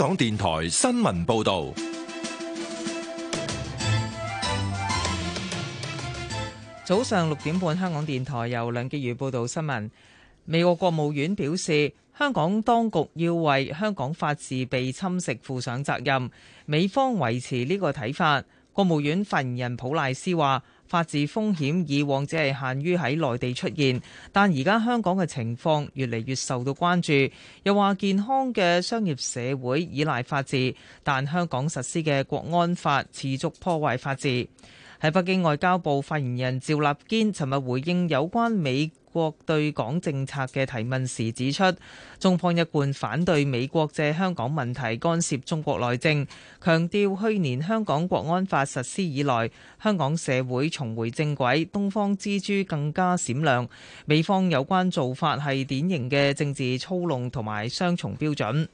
香港電台新聞報道，早上六點半，香港電台由梁潔如報道新聞。美國國務院表示，香港當局要為香港法治被侵蝕負上責任。美方維持呢個睇法。國務院發言人普賴斯話。法治風險以往只係限於喺內地出現，但而家香港嘅情況越嚟越受到關注。又話健康嘅商業社會依賴法治，但香港實施嘅國安法持續破壞法治。喺北京外交部發言人趙立堅尋日回應有關美國對港政策嘅提問時指出，中方一貫反對美國借香港問題干涉中國內政，強調去年香港國安法實施以來，香港社會重回正軌，東方之珠更加閃亮。美方有關做法係典型嘅政治操弄同埋雙重標準。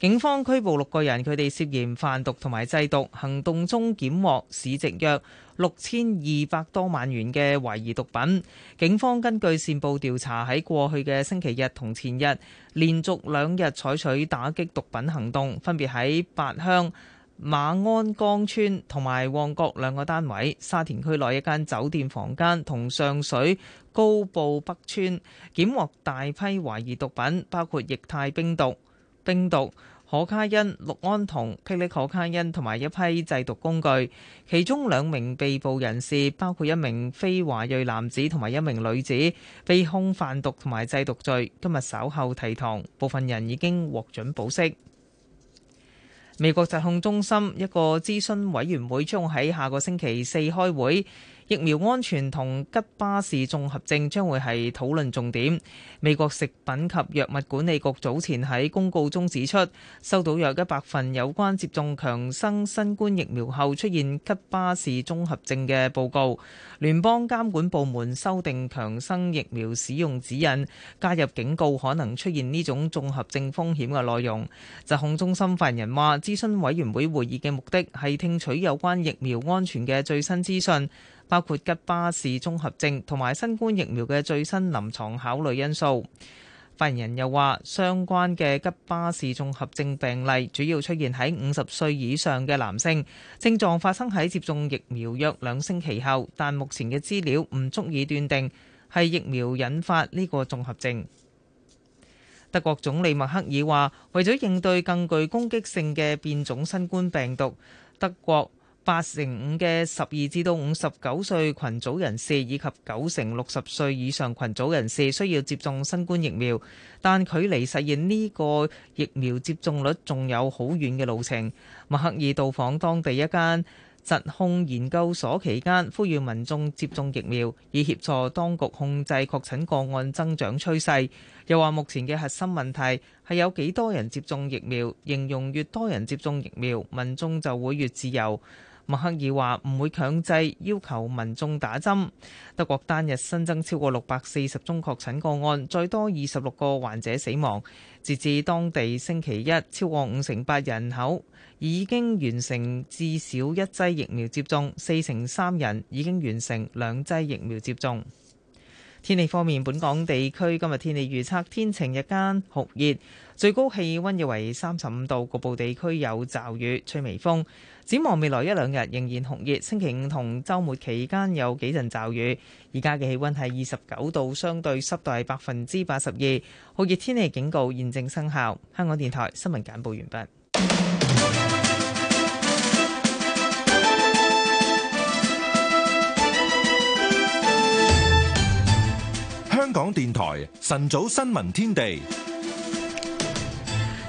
警方拘捕六個人，佢哋涉嫌販毒同埋製毒。行動中檢獲市值約六千二百多萬元嘅懷疑毒品。警方根據線報調查，喺過去嘅星期日同前日，連續兩日採取打擊毒品行動，分別喺八鄉馬鞍崗村同埋旺角兩個單位，沙田區內一間酒店房間同上水高埔北村。檢獲大批懷疑毒品，包括液態冰毒、冰毒、可卡因、氯胺酮、霹靂可卡因同埋一批製毒工具。其中兩名被捕人士包括一名非華裔男子同埋一名女子，被控販毒同埋製毒罪，今日稍後提堂，部分人已經獲准保釋。美國疾控中心一個諮詢委員會將喺下個星期四開會。疫苗安全同吉巴氏綜合症將會係討論重點。美國食品及藥物管理局早前喺公告中指出，收到約一百份有關接種強生新冠疫苗後出現吉巴氏綜合症嘅報告。聯邦監管部門修訂強生疫苗使用指引，加入警告可能出現呢種綜合症風險嘅內容。疾控中心發言人話：諮詢委員會會議嘅目的係聽取有關疫苗安全嘅最新資訊。包括吉巴氏綜合症同埋新冠疫苗嘅最新臨床考慮因素。發言人又話，相關嘅吉巴氏綜合症病例主要出現喺五十歲以上嘅男性，症狀發生喺接種疫苗約兩星期後，但目前嘅資料唔足以斷定係疫苗引發呢個綜合症。德國總理默克爾話，為咗應對更具攻擊性嘅變種新冠病毒，德國八成五嘅十二至到五十九歲群組人士以及九成六十歲以上群組人士需要接種新冠疫苗，但距離實現呢個疫苗接種率仲有好遠嘅路程。默克爾到訪當地一間疾控研究所期間呼籲民眾接種疫苗，以協助當局控制確診個案增長趨勢。又話目前嘅核心問題，係有幾多人接種疫苗，形容越多人接種疫苗，民眾就會越自由。默克爾話唔會強制要求民眾打針。德國單日新增超過六百四十宗確診個案，再多二十六個患者死亡。截至當地星期一，超過五成八人口已經完成至少一劑疫苗接種，四成三人已經完成兩劑疫苗接種。天氣方面，本港地區今日天氣預測天晴，日間酷熱，最高氣溫約為三十五度。局部地區有驟雨，吹微風。展望未來一兩日仍然紅熱，星期五同周末期間有幾陣驟雨。而家嘅氣温係二十九度，相對濕度係百分之八十二，酷熱天氣警告現正生效。香港電台新聞簡報完畢。香港電台晨早新聞天地。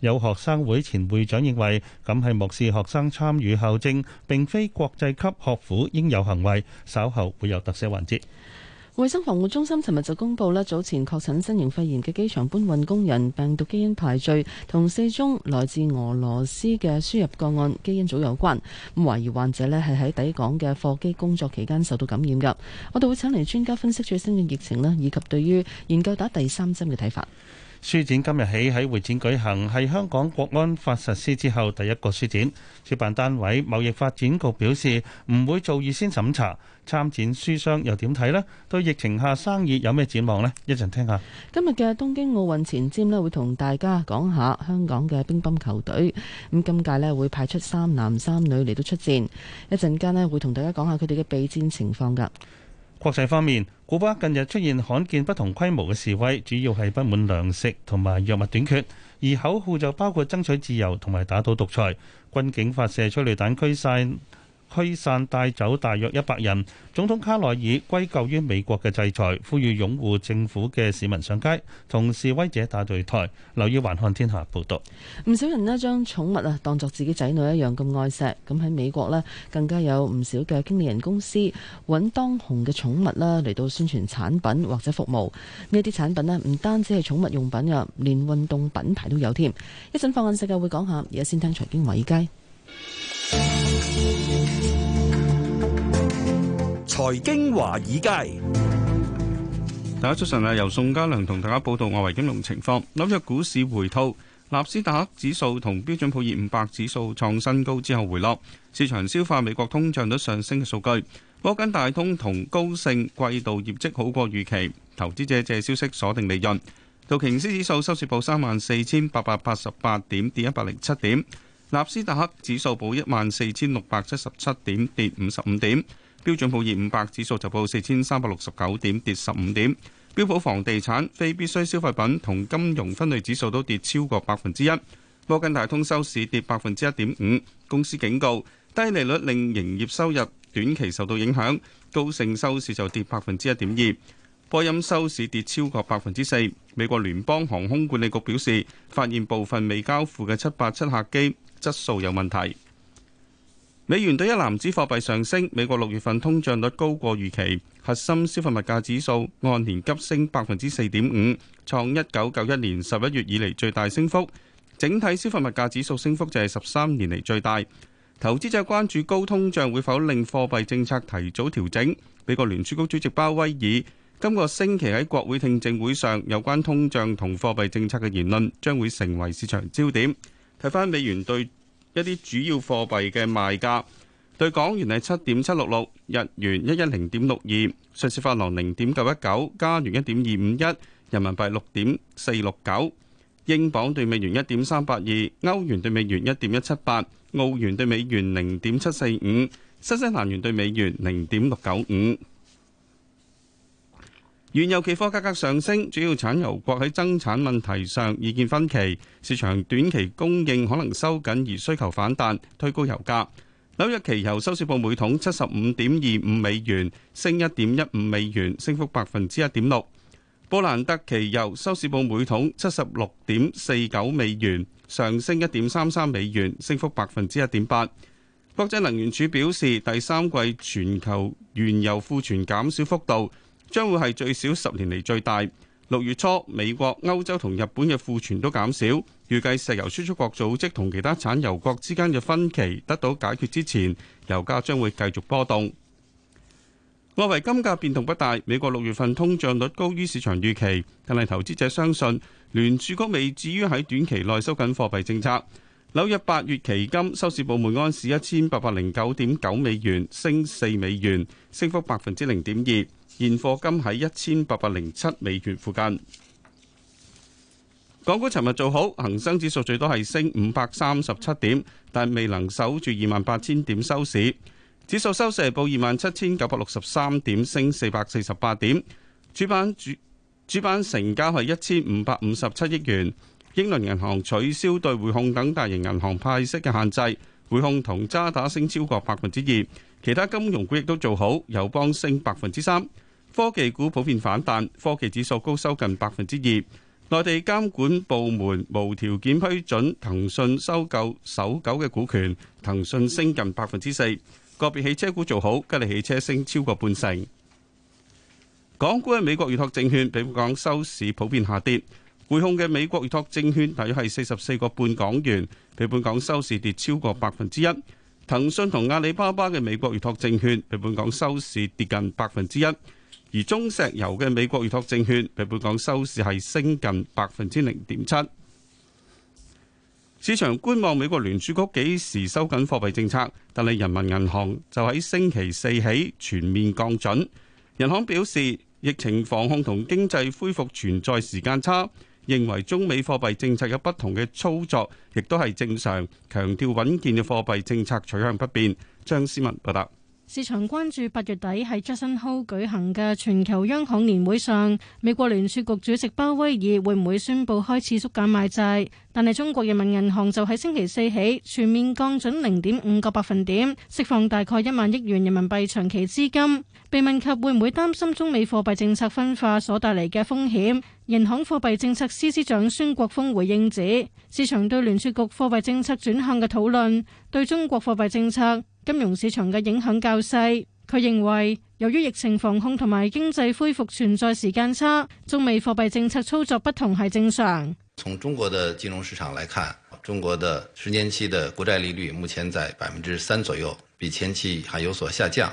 有學生會前會長認為咁係漠視學生參與校政，並非國際級學府應有行為。稍後會有特色環節。衛生防護中心尋日就公布啦，早前確診新型肺炎嘅機場搬運工人病毒基因排序，同四宗來自俄羅斯嘅輸入個案基因組有關。咁懷疑患者咧係喺抵港嘅貨機工作期間受到感染噶。我哋會請嚟專家分析最新嘅疫情，以及對於研究打第三針嘅睇法。書展今日起喺會展舉行，係香港國安法實施之後第一個書展。主辦單位貿易發展局表示，唔會做預先審查。參展書商又點睇呢？對疫情下生意有咩展望呢？一陣聽下。今日嘅東京奧運前瞻呢，會同大家講下香港嘅乒乓球隊。咁今屆呢會派出三男三女嚟到出戰。一陣間呢會同大家講下佢哋嘅備戰情況㗎。國際方面，古巴近日出現罕見不同規模嘅示威，主要係不滿糧食同埋藥物短缺，而口號就包括爭取自由同埋打倒獨裁，軍警發射催淚彈驅散。驅散帶走大約一百人，總統卡內爾歸咎於美國嘅制裁，呼籲擁護政府嘅市民上街，同示威者打對台。留意環看天下報道，唔少人咧將寵物啊當作自己仔女一樣咁愛錫，咁喺美國咧更加有唔少嘅經理人公司揾當紅嘅寵物啦嚟到宣傳產品或者服務。呢啲產品咧唔單止係寵物用品入，連運動品牌都有添。一陣放眼世界會講下，而家先聽財經華爾街。財經華爾街，大家早晨，啊！由宋家良同大家報道外圍金融情況。紐約股市回吐，納斯達克指數同標準普爾五百指數創新高之後回落。市場消化美國通脹率上升嘅數據。摩根大通同高盛季度業績好過預期，投資者借消息鎖定利潤。道瓊斯指數收市報三萬四千八百八十八點，跌一百零七點。納斯達克指數報一萬四千六百七十七點，跌五十五點。標準普爾五百指數就報四千三百六十九點，跌十五點。標普房地產、非必需消費品同金融分類指數都跌超過百分之一。摩根大通收市跌百分之一點五，公司警告低利率令營業收入短期受到影響。高盛收市就跌百分之一點二。波音收市跌超過百分之四。美國聯邦航空管理局表示，發現部分未交付嘅七八七客機。質素有問題。美元對一籃子貨幣上升。美國六月份通脹率高過預期，核心消費物價指數按年急升百分之四點五，創一九九一年十一月以嚟最大升幅。整體消費物價指數升幅就係十三年嚟最大。投資者關注高通脹會否令貨幣政策提早調整。美國聯儲局主席鮑威爾今個星期喺國會聽證會上有關通脹同貨幣政策嘅言論，將會成為市場焦點。睇翻美元對一啲主要貨幣嘅賣價，對港元係七點七六六，日元一一零點六二，瑞士法郎零點九一九，加元一點二五一，人民幣六點四六九，英鎊對美元一點三八二，歐元對美元一點一七八，澳元對美元零點七四五，新西蘭元對美元零點六九五。原油期貨價格上升，主要產油國喺增產問題上意見分歧，市場短期供應可能收緊而需求反彈，推高油價。紐約期油收市報每桶七十五點二五美元，升一點一五美元，升幅百分之一點六。布蘭特期油收市報每桶七十六點四九美元，上升一點三三美元，升幅百分之一點八。國際能源署表示，第三季全球原油庫存減少幅度將會係最少十年嚟，最大。六月初，美國、歐洲同日本嘅庫存都減少。預計石油輸出國組織同其他產油國之間嘅分歧得到解決之前，油價將會繼續波動。外圍金價變動不大。美國六月份通脹率高於市場預期，但係投資者相信聯儲局未至於喺短期內收緊貨幣政策。紐約八月期金收市，報每安士一千八百零九點九美元，升四美元，升幅百分之零點二。現貨金喺一千八百零七美元附近。港股尋日做好，恒生指數最多係升五百三十七點，但未能守住二萬八千點收市。指數收市係報二萬七千九百六十三點，升四百四十八點。主板主主板成交係一千五百五十七億元。英倫銀行取消對匯控等大型銀行派息嘅限制，匯控同渣打升超過百分之二。其他金融股亦都做好，友邦升百分之三。科技股普遍反彈，科技指數高收近百分之二。內地監管部門無條件批准騰訊收購搜狗嘅股權，騰訊升近百分之四。個別汽車股做好，吉利汽車升超過半成。港股嘅美國預託證券，比本港收市普遍下跌。匯控嘅美國預託證券大約係四十四個半港元，比本港收市跌超過百分之一。騰訊同阿里巴巴嘅美國預託證券，比本港收市跌近百分之一。而中石油嘅美國預託證券，比本港收市係升近百分之零點七。市場觀望美國聯儲局幾時收緊貨幣政策，但係人民銀行就喺星期四起全面降準。人行表示，疫情防控同經濟恢復存在時間差，認為中美貨幣政策有不同嘅操作，亦都係正常。強調穩健嘅貨幣政策取向不變。張思文報道。市場關注八月底喺 Jackson Hole 舉行嘅全球央行年會上，美國聯儲局主席鮑威爾會唔會宣布開始縮減賣債？但係中國人民銀行就喺星期四起全面降準零點五個百分點，釋放大概一萬億元人民幣長期資金。被問及會唔會擔心中美貨幣政策分化所帶嚟嘅風險，人行貨幣政策司司長孫國峰回應指，市場對聯儲局貨幣政策轉向嘅討論，對中國貨幣政策、金融市場嘅影響較細。佢認為，由於疫情防控同埋經濟恢復存在時間差，中美貨幣政策操作不同係正常。從中國的金融市場來看，中國的十年期的國債利率目前在百分之三左右，比前期還有所下降。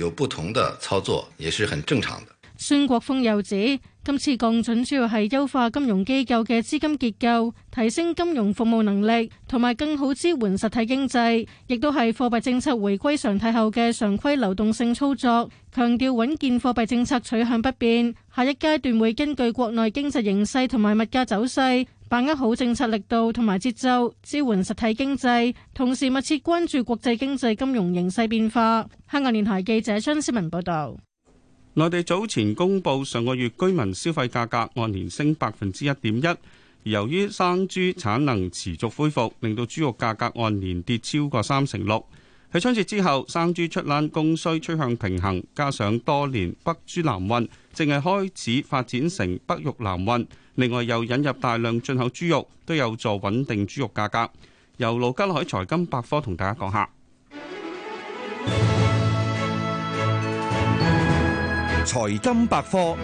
有不同的操作也是很正常的。孫國峰又指，今次降準主要係優化金融機構嘅資金結構，提升金融服務能力，同埋更好支援實體經濟，亦都係貨幣政策回歸常態後嘅常規流動性操作。強調穩健貨幣政策取向不變，下一階段會根據國內經濟形勢同埋物價走勢。把握好政策力度同埋節奏，支援實體經濟，同時密切關注國際經濟金融形勢變化。香港電台記者張思文報道。內地早前公布上個月居民消費價格按年升百分之一點一，而由於生豬產能持續恢復令到豬肉價格按年跌超過三成六。喺春節之後生豬出欄供需趨向平衡，加上多年北豬南運，正係開始發展成北肉南運。另外又引入大量進口豬肉，都有助穩定豬肉價格。由盧家海喺財金百科同大家講下。財金百科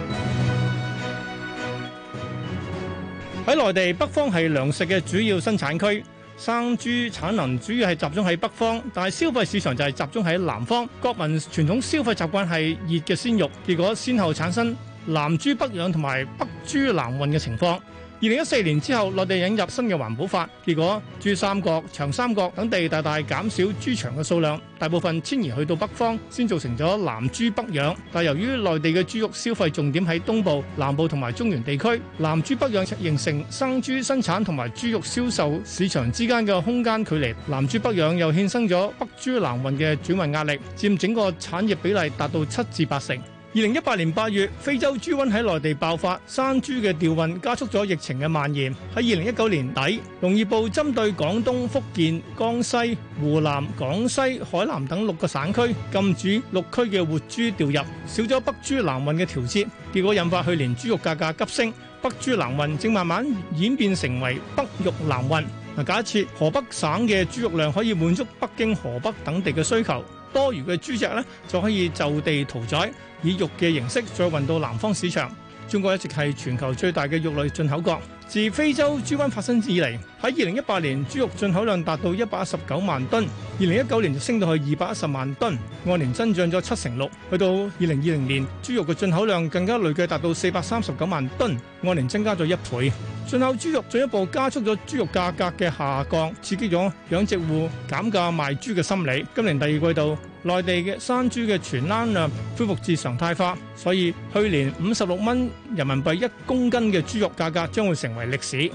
喺內地，北方係糧食嘅主要生產區，生豬產能主要係集中喺北方，但係消費市場就係集中喺南方。國民傳統消費習慣係熱嘅鮮肉，結果先後產生。南豬北養同埋北豬南運嘅情況，二零一四年之後，內地引入新嘅環保法，結果珠三角、長三角等地大大減少豬場嘅數量，大部分遷移去到北方，先造成咗南豬北養。但由於內地嘅豬肉消費重點喺東部、南部同埋中原地區，南豬北養形成生豬生產同埋豬肉銷售市場之間嘅空間距離。南豬北養又衍生咗北豬南運嘅轉運壓力，佔整個產業比例達到七至八成。二零一八年八月，非洲豬瘟喺內地爆發，生豬嘅調運加速咗疫情嘅蔓延。喺二零一九年底，農業部針對廣東、福建、江西、湖南、廣西、海南等六個省區禁止六區嘅活豬調入，少咗北豬南運嘅調節，結果引發去年豬肉價格急升。北豬南運正慢慢演變成為北肉南運。嗱，假設河北省嘅豬肉量可以滿足北京、河北等地嘅需求。多餘嘅豬隻咧，就可以就地屠宰，以肉嘅形式再運到南方市場。中國一直係全球最大嘅肉類進口國。自非洲豬瘟發生以嚟，喺二零一八年豬肉進口量達到一百一十九萬噸，二零一九年就升到去二百一十萬噸，按年增長咗七成六。去到二零二零年，豬肉嘅進口量更加累計達到四百三十九萬噸，按年增加咗一倍。進口豬肉進一步加速咗豬肉價格嘅下降，刺激咗養殖戶減價賣豬嘅心理。今年第二季度。內地嘅生豬嘅存欄量恢復至常態化，所以去年五十六蚊人民幣一公斤嘅豬肉價格將會成為歷史。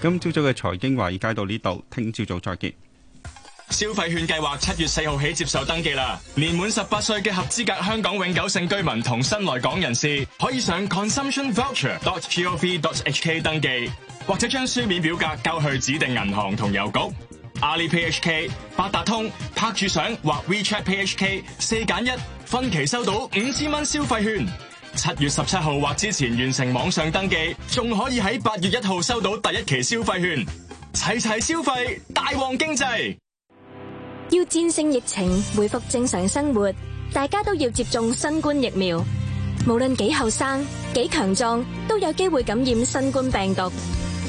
今朝早嘅財經華爾街到呢度，聽朝早再見。消費券計劃七月四號起接受登記啦，年滿十八歲嘅合資格香港永久性居民同新來港人士可以上 consumptionvoucher.gov.hk 登記，或者將書面表格交去指定銀行同郵局。阿里 Pay HK、八達通拍住相或 WeChat Pay HK 四揀一分期收到五千蚊消費券，七月十七號或之前完成網上登記，仲可以喺八月一號收到第一期消費券，齊齊消費大旺經濟。要戰勝疫情、恢復正常生活，大家都要接種新冠疫苗。無論幾後生、幾強壯，都有機會感染新冠病毒。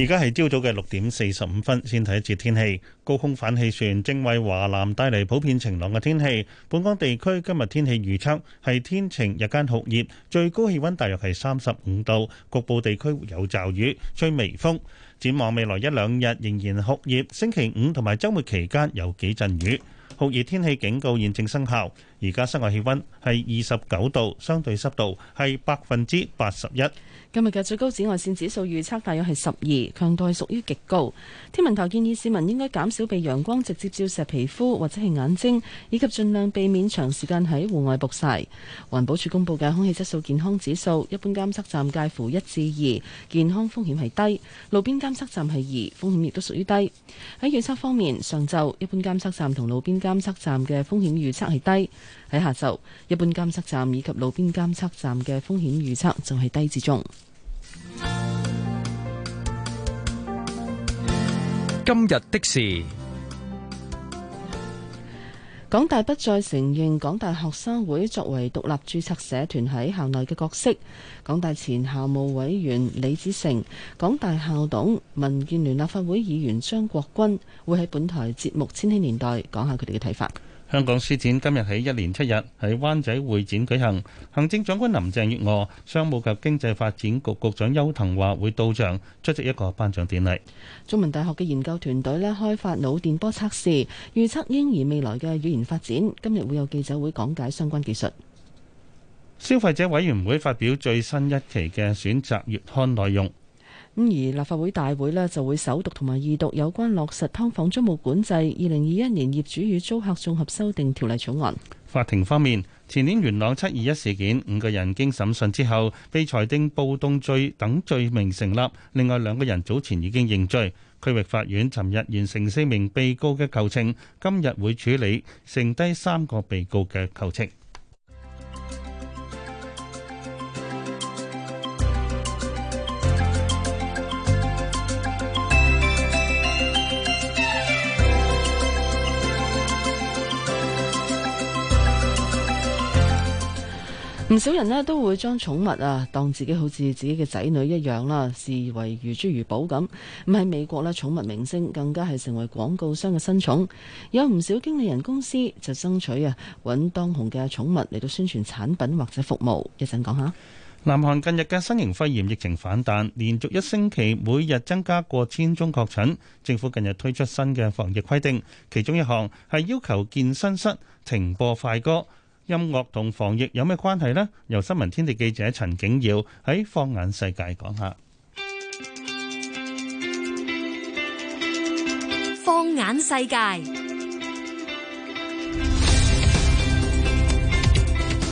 而家係朝早嘅六點四十五分，先睇一節天氣。高空反氣旋正為華南帶嚟普遍晴朗嘅天氣。本港地區今日天氣預測係天晴，日間酷熱，最高氣溫大約係三十五度，局部地區有驟雨，吹微風。展望未來一兩日仍然酷熱，星期五同埋週末期間有幾陣雨。酷熱天氣警告現正生效。而家室外氣溫係二十九度，相對濕度係百分之八十一。今日嘅最高紫外線指數預測大約係十二，強度係屬於極高。天文台建議市民應該減少被陽光直接照射皮膚或者係眼睛，以及盡量避免長時間喺戶外曝曬。環保署公布嘅空氣質素健康指數，一般監測站介乎一至二，健康風險係低；路邊監測站係二，風險亦都屬於低。喺預測方面，上晝一般監測站同路邊監測站嘅風險預測係低。喺下晝，一般監測站以及路邊監測站嘅風險預測就係低至中。今日的事，港大不再承認港大學生會作為獨立注冊社團喺校內嘅角色。港大前校務委員李子成、港大校董、民建聯立法會議員張國鈞，會喺本台節目《千禧年代》講下佢哋嘅睇法。香港書展今日起一連七日喺灣仔會展舉行，行政長官林鄭月娥、商務及經濟發展局局長邱騰華會到場出席一個頒獎典禮。中文大學嘅研究團隊咧開發腦電波測試，預測嬰兒未來嘅語言發展，今日會有記者會講解相關技術。消費者委員會發表最新一期嘅選擇月刊內容。咁而立法會大會咧就會首讀同埋二讀有關落實劏房租務管制二零二一年業主與租客綜合修訂條例草案。法庭方面，前年元朗七二一事件五個人經審訊之後，被裁定暴動罪等罪名成立。另外兩個人早前已經認罪。區域法院尋日完成四名被告嘅求情，今日會處理剩低三個被告嘅求情。唔少人呢，都會將寵物啊當自己好似自己嘅仔女一樣啦，視為如珠如寶咁。咁喺美國呢，寵物明星更加係成為廣告商嘅新寵。有唔少經理人公司就爭取啊揾當紅嘅寵物嚟到宣傳產品或者服務。一陣講下。南韓近日嘅新型肺炎疫情反彈，連續一星期每日增加過千宗確診。政府近日推出新嘅防疫規定，其中一項係要求健身室停播快歌。音樂同防疫有咩關係呢？由新聞天地記者陳景耀喺放眼世界講下。放眼世界。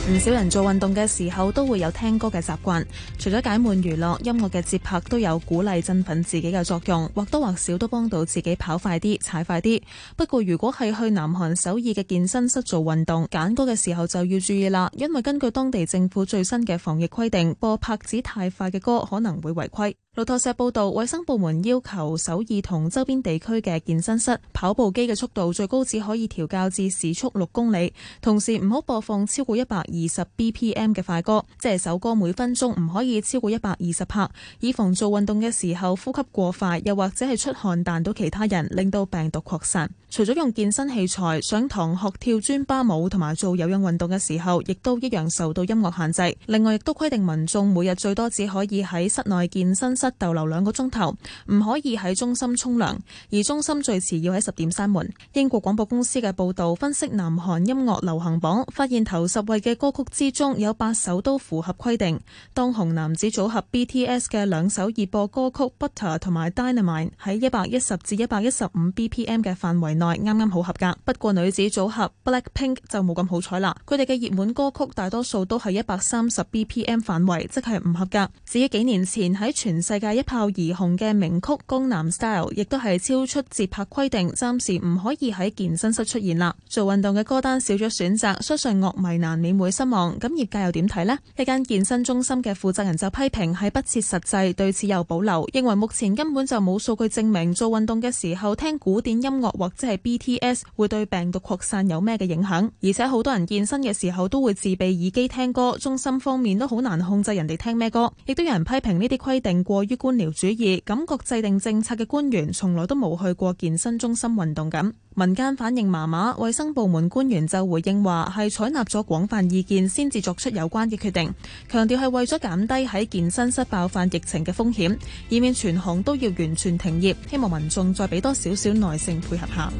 唔少人做運動嘅時候都會有聽歌嘅習慣，除咗解悶娛樂，音樂嘅節拍都有鼓勵振奮自己嘅作用，或多或少都幫到自己跑快啲、踩快啲。不過，如果係去南韓首爾嘅健身室做運動，揀歌嘅時候就要注意啦，因為根據當地政府最新嘅防疫規定，播拍子太快嘅歌可能會違規。路透社報道，衛生部門要求首爾同周邊地區嘅健身室跑步機嘅速度最高只可以調校至時速六公里，同時唔好播放超過一百二十 BPM 嘅快歌，即係首歌每分鐘唔可以超過一百二十拍，以防做運動嘅時候呼吸過快，又或者係出汗彈到其他人，令到病毒擴散。除咗用健身器材，上堂學跳尊巴舞同埋做有氧運動嘅時候，亦都一樣受到音樂限制。另外亦都規定民眾每日最多只可以喺室內健身室，逗留兩個鐘頭，唔可以喺中心沖涼，而中心最遲要喺十點閂門。英國廣播公司嘅報導分析南韓音樂流行榜，發現頭十位嘅歌曲之中有八首都符合規定。當紅男子組合 BTS 嘅兩首熱播歌曲《Butter》同埋《Dynamite》喺一百一十至一百一十五 BPM 嘅範圍內啱啱好合格。不過女子組合 Blackpink 就冇咁好彩啦，佢哋嘅熱門歌曲大多數都係一百三十 BPM 範圍，即係唔合格。至於幾年前喺全世界世界一炮而紅嘅名曲《江南 Style》亦都係超出節拍規定，暫時唔可以喺健身室出現啦。做運動嘅歌單少咗選擇，相信樂迷難免會失望。咁業界又點睇呢？一間健身中心嘅負責人就批評係不切實際，對此有保留，認為目前根本就冇數據證明做運動嘅時候聽古典音樂或者係 BTS 會對病毒擴散有咩嘅影響。而且好多人健身嘅時候都會自備耳機聽歌，中心方面都好難控制人哋聽咩歌。亦都有人批評呢啲規定過。於官僚主義，感覺制定政策嘅官員從來都冇去過健身中心運動咁。民間反應麻麻，衛生部門官員就回應話係採納咗廣泛意見先至作出有關嘅決定，強調係為咗減低喺健身室爆發疫情嘅風險，以免全行都要完全停業。希望民眾再俾多少少耐性配合下。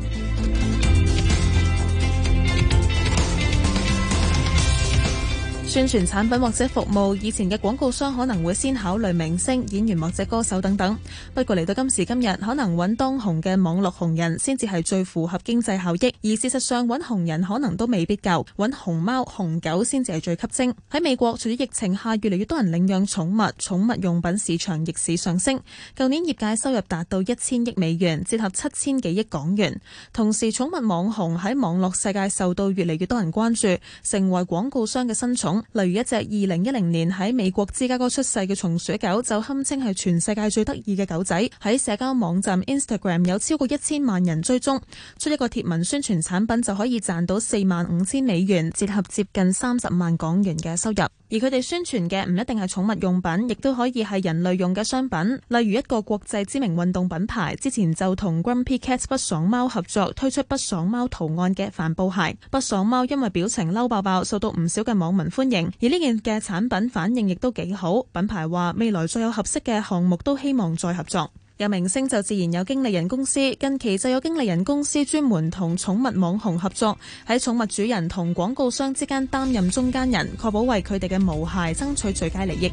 宣傳產品或者服務，以前嘅廣告商可能會先考慮明星、演員或者歌手等等。不過嚟到今時今日，可能揾當紅嘅網絡紅人先至係最符合經濟效益。而事實上，揾紅人可能都未必夠，揾紅貓、紅狗先至係最吸睛。喺美國，隨住疫情下，越嚟越多人領養寵物，寵物用品市場逆市上升。舊年業界收入達到一千億美元，折合七千幾億港元。同時，寵物網紅喺網絡世界受到越嚟越多人關注，成為廣告商嘅新寵。例如一隻二零一零年喺美國芝加哥出世嘅松鼠狗，就堪稱係全世界最得意嘅狗仔，喺社交網站 Instagram 有超過一千萬人追蹤，出一個貼文宣傳產品就可以賺到四萬五千美元，折合接近三十萬港元嘅收入。而佢哋宣傳嘅唔一定係寵物用品，亦都可以係人類用嘅商品。例如一個國際知名運動品牌之前就同 Grumpy Cat 不爽貓合作推出不爽貓圖案嘅帆布鞋。不爽貓因為表情嬲爆爆，受到唔少嘅網民歡迎，而呢件嘅產品反應亦都幾好。品牌話未來再有合適嘅項目都希望再合作。有明星就自然有經理人公司，近期就有經理人公司專門同寵物網紅合作，喺寵物主人同廣告商之間擔任中間人，確保為佢哋嘅毛孩爭取最佳利益。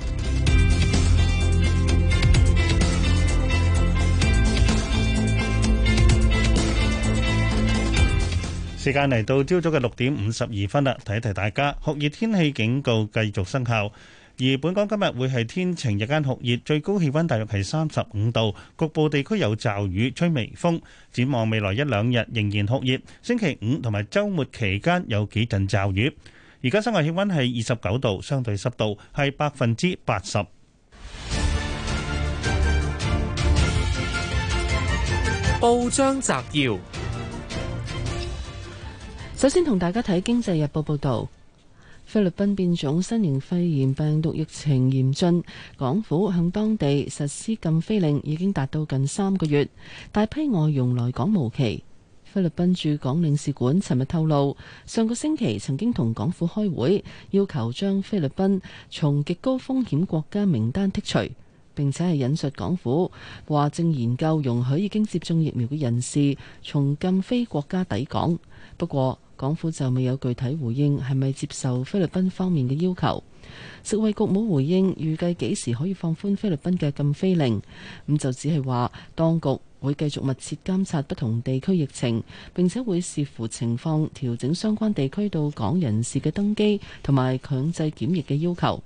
時間嚟到朝早嘅六點五十二分啦，提提大家，酷熱天氣警告繼續生效。而本港今日會係天晴，日間酷熱，最高氣溫大約係三十五度，局部地區有驟雨，吹微風。展望未來一兩日仍然酷熱，星期五同埋週末期間有幾陣驟雨。而家室外氣溫係二十九度，相對濕度係百分之八十。報章摘要，首先同大家睇《經濟日報》報道。菲律賓變種新型肺炎病毒疫情嚴峻，港府向當地實施禁飛令已經達到近三個月，大批外傭來港無期。菲律賓駐港領事館尋日透露，上個星期曾經同港府開會，要求將菲律賓從極高風險國家名單剔除，並且係引述港府話正研究容許已經接種疫苗嘅人士從禁飛國家抵港。不過，港府就未有具體回應，係咪接受菲律賓方面嘅要求，食衞局冇回應，預計幾時可以放寬菲律賓嘅禁飛令，咁就只係話當局會繼續密切監察不同地區疫情，並且會視乎情況調整相關地區到港人士嘅登機同埋強制檢疫嘅要求。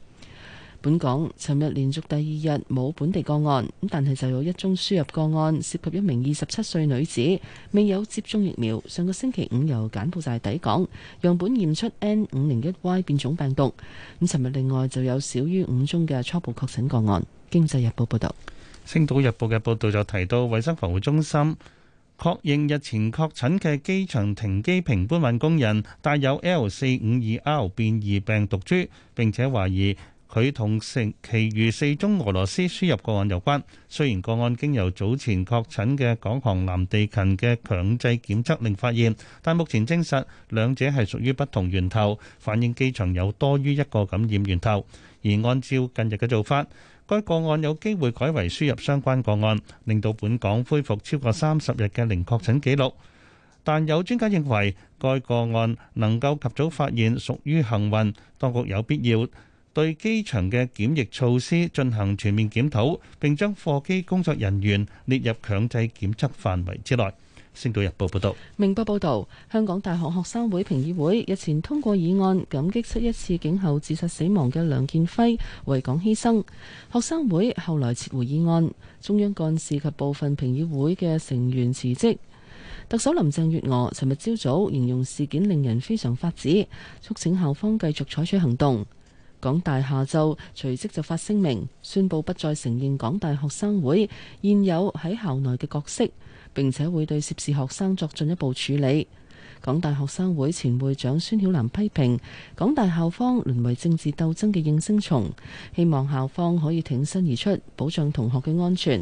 本港尋日連續第二日冇本地個案，但係就有一宗輸入個案，涉及一名二十七歲女子，未有接種疫苗。上個星期五由柬埔寨抵港，樣本驗出 N 五零一 Y 變種病毒。咁尋日另外就有少於五宗嘅初步確診個案。經濟日報報道，《星島日報》嘅報導就提到，衞生防護中心確認日前確診嘅機場停機坪搬運工人帶有 L 四五二 R 變異病毒株，並且懷疑，佢同剩其餘四宗俄羅斯輸入個案有關。雖然個案經由早前確診嘅港航藍地勤嘅強制檢測令發現，但目前證實兩者係屬於不同源頭，反映機場有多於一個感染源頭。而按照近日嘅做法，該個案有機會改為輸入相關個案，令到本港恢復超過三十日嘅零確診記錄。但有專家認為，該個案能夠及早發現屬於幸運，當局有必要。對機場嘅檢疫措施進行全面檢討，並將貨機工作人員列入強制檢測範圍之內。《星島日報》報道。明報報道，香港大學學生會評議會日前通過議案，感激七一刺警後自殺死亡嘅梁建輝為港犧牲。學生會後來撤回議案，中央幹事及部分評議會嘅成員辭職。特首林鄭月娥尋日朝早形容事件令人非常發指，促請校方繼續採取行動。港大下晝隨即就發聲明，宣佈不再承認港大學生會現有喺校內嘅角色，並且會對涉事學生作進一步處理。港大學生會前會長孫曉嵐批評港大校方淪為政治鬥爭嘅應聲蟲，希望校方可以挺身而出，保障同學嘅安全。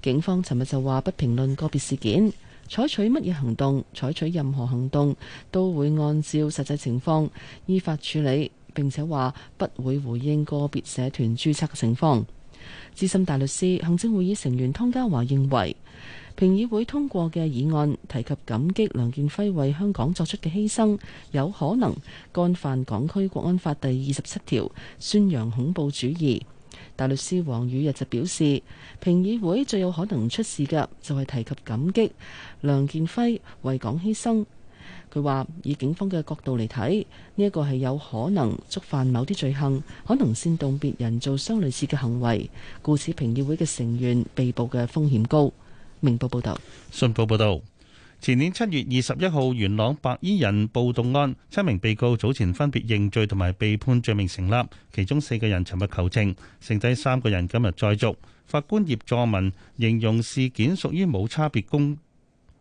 警方尋日就話不評論個別事件，採取乜嘢行動，採取任何行動都會按照實際情況依法處理。並且話不會回應個別社團註冊嘅情況。資深大律師、行政會議成員湯家驊認為，評議會通過嘅議案提及感激梁健輝為香港作出嘅犧牲，有可能干犯港區國安法第二十七條，宣揚恐怖主義。大律師黃宇逸就表示，評議會最有可能出事嘅就係提及感激梁健輝為港犧牲。佢話：以警方嘅角度嚟睇，呢一個係有可能觸犯某啲罪行，可能煽動別人做相類似嘅行為，故此評議會嘅成員被捕嘅風險高。明報報導，信報報導，前年七月二十一號元朗白衣人暴動案，七名被告早前分別認罪同埋被判罪名成立，其中四個人尋日求情，剩低三個人今日再續。法官葉作文形容事件屬於冇差別攻。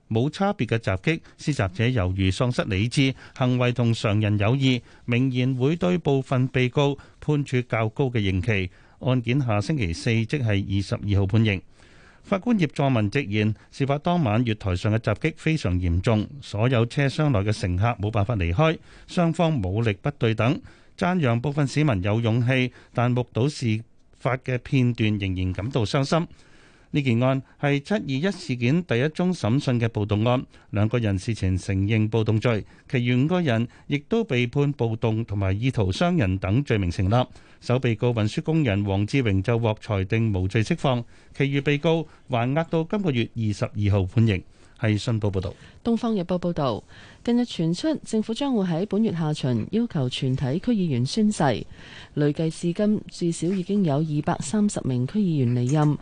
冇差別嘅襲擊，施襲者由於喪失理智，行為同常人有異，明言會對部分被告判處較高嘅刑期。案件下星期四即係二十二號判刑。法官葉佐文直言，事發當晚月台上嘅襲擊非常嚴重，所有車廂內嘅乘客冇辦法離開，雙方武力不對等，讚揚部分市民有勇氣，但目睹事發嘅片段仍然感到傷心。呢件案係七二一事件第一宗審訊嘅暴動案，兩個人事前承認暴動罪，其餘五個人亦都被判暴動同埋意圖傷人等罪名成立。首被告運輸工人黃志榮就獲裁定無罪釋放，其餘被告還押到今個月二十二號判刑。係《信報》報道，《東方日報》報道，近日傳出政府將會喺本月下旬要求全體區議員宣誓。累計至今至少已經有二百三十名區議員離任，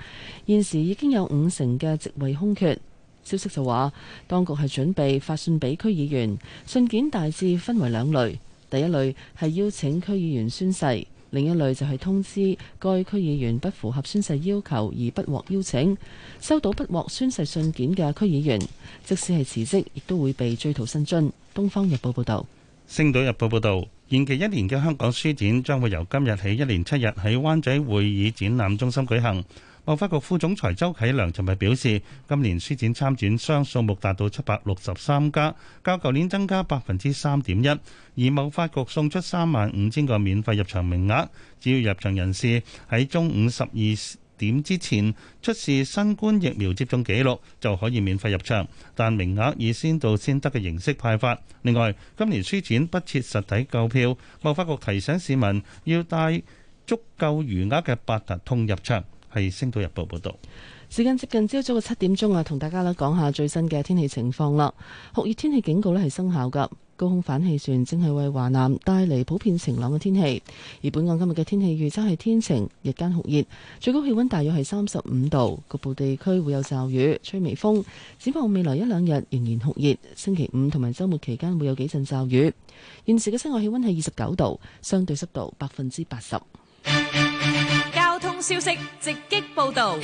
現時已經有五成嘅席位空缺。消息就話，當局係準備發信俾區議員，信件大致分為兩類，第一類係邀請區議員宣誓。另一類就係通知該區議員不符合宣誓要求而不獲邀請。收到不獲宣誓信件嘅區議員，即使係辭職，亦都會被追討薪津。《東方日報》報道，《星島日報》報道：「延期一年嘅香港書展將會由今日起一連七日喺灣仔會議展覽中心舉行。貿發局副總裁周啟良尋日表示，今年書展參展商數目達到七百六十三家，較舊年增加百分之三點一。而貿發局送出三萬五千個免費入場名額，只要入場人士喺中午十二點之前出示新冠疫苗接種記錄，就可以免費入場，但名額以先到先得嘅形式派發。另外，今年書展不設實體購票，貿發局提醒市民要帶足夠餘額嘅八達通入場。係《星島日報》報道，時間接近朝早嘅七點鐘啊，同大家咧講下最新嘅天氣情況啦。酷熱天氣警告咧係生效噶，高空反氣旋正係為華南帶嚟普遍晴朗嘅天氣，而本港今日嘅天氣預測係天晴，日間酷熱，最高氣溫大約係三十五度，局部地區會有驟雨，吹微風。展望未來一兩日仍然酷熱，星期五同埋周末期間會有幾陣驟雨。現時嘅室外氣溫係二十九度，相對濕度百分之八十。消息直擊報道。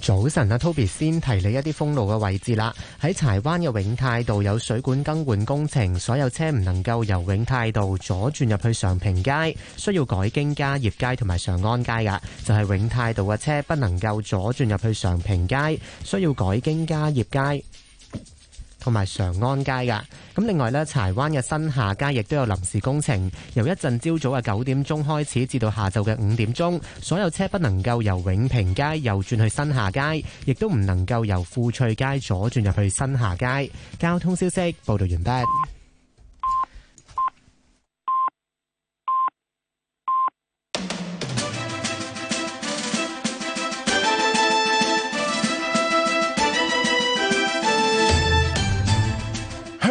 早晨啊，Toby 先提你一啲封路嘅位置啦。喺柴灣嘅永泰道有水管更換工程，所有車唔能夠由永泰道左轉入去常平街，需要改經嘉業街同埋常安街噶。就係永泰道嘅車不能夠左轉入去常平街，需要改經嘉業街。同埋常安街㗎。咁，另外呢，柴灣嘅新下街亦都有臨時工程，由一陣朝早嘅九點鐘開始，至到下晝嘅五點鐘，所有車不能夠由永平街右轉去新下街，亦都唔能夠由富翠街左轉入去新下街。交通消息，報道完畢。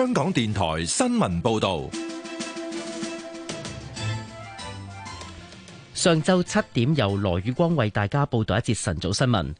香港電台新聞報道，上晝七點由羅宇光為大家報道一節晨早新聞。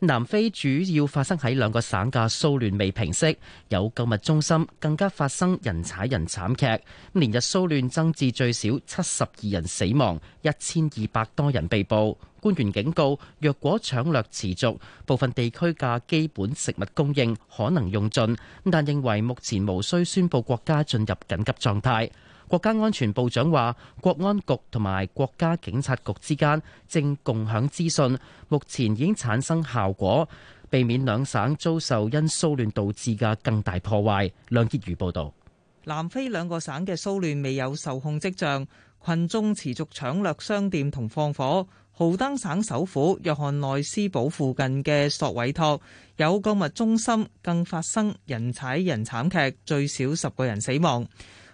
南非主要發生喺兩個省嘅騷亂未平息，有購物中心更加發生人踩人慘劇，咁連日騷亂增至最少七十二人死亡，一千二百多人被捕。官員警告，若果搶掠持續，部分地區嘅基本食物供應可能用盡。但認為目前無需宣佈國家進入緊急狀態。國家安全部長話，國安局同埋國家警察局之間正共享資訊，目前已經產生效果，避免兩省遭受因騷亂導致嘅更大破壞。梁潔如報道：南非兩個省嘅騷亂未有受控跡象，群眾持續搶掠商店同放火。豪登省首府約翰內斯堡附近嘅索韋托有購物中心更發生人踩人慘劇，最少十個人死亡。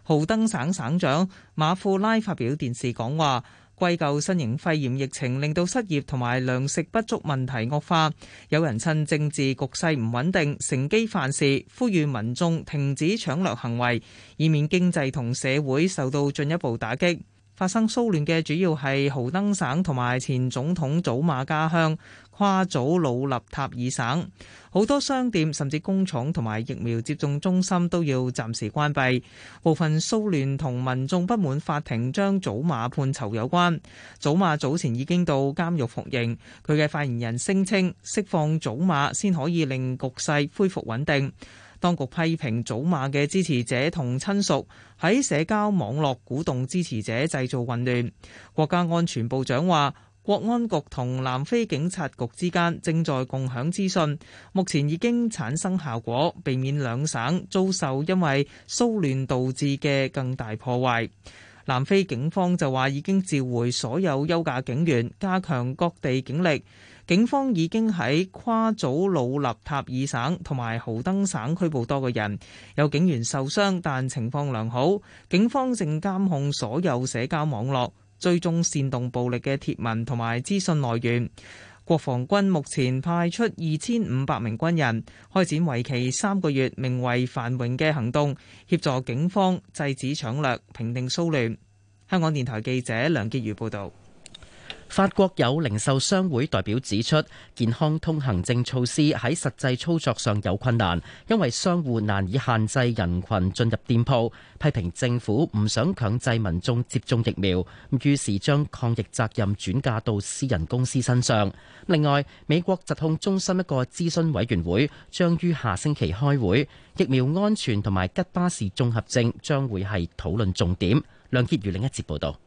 豪登省省長馬富拉發表電視講話，歸咎新型肺炎疫情令到失業同埋糧食不足問題惡化，有人趁政治局勢唔穩定乘機犯事，呼籲民眾停止搶掠行為，以免經濟同社會受到進一步打擊。發生騷亂嘅主要係豪登省同埋前總統祖馬家鄉夸祖魯納塔爾省，好多商店甚至工廠同埋疫苗接種中心都要暫時關閉。部分騷亂同民眾不滿法庭將祖馬判囚有關。祖馬早前已經到監獄服刑，佢嘅發言人聲稱釋放祖馬先可以令局勢恢復穩定。當局批評祖馬嘅支持者同親屬喺社交網絡鼓動支持者製造混亂。國家安全部長話，國安局同南非警察局之間正在共享資訊，目前已經產生效果，避免兩省遭受因為騷亂導致嘅更大破壞。南非警方就話已經召回所有休假警員，加強各地警力。警方已經喺跨祖魯納塔爾省同埋豪登省拘捕多個人，有警員受傷，但情況良好。警方正監控所有社交網絡，追蹤煽動暴力嘅貼文同埋資訊來源。國防軍目前派出二千五百名軍人，開展為期三個月，名為繁榮嘅行動，協助警方制止搶掠、平定騷亂。香港電台記者梁潔如報導。法國有零售商會代表指出，健康通行證措施喺實際操作上有困難，因為商戶難以限制人群進入店鋪，批評政府唔想強制民眾接種疫苗，於是將抗疫責任轉嫁到私人公司身上。另外，美國疾控中心一個諮詢委員會將於下星期開會，疫苗安全同埋吉巴氏綜合症將會係討論重點。梁潔如另一節報道。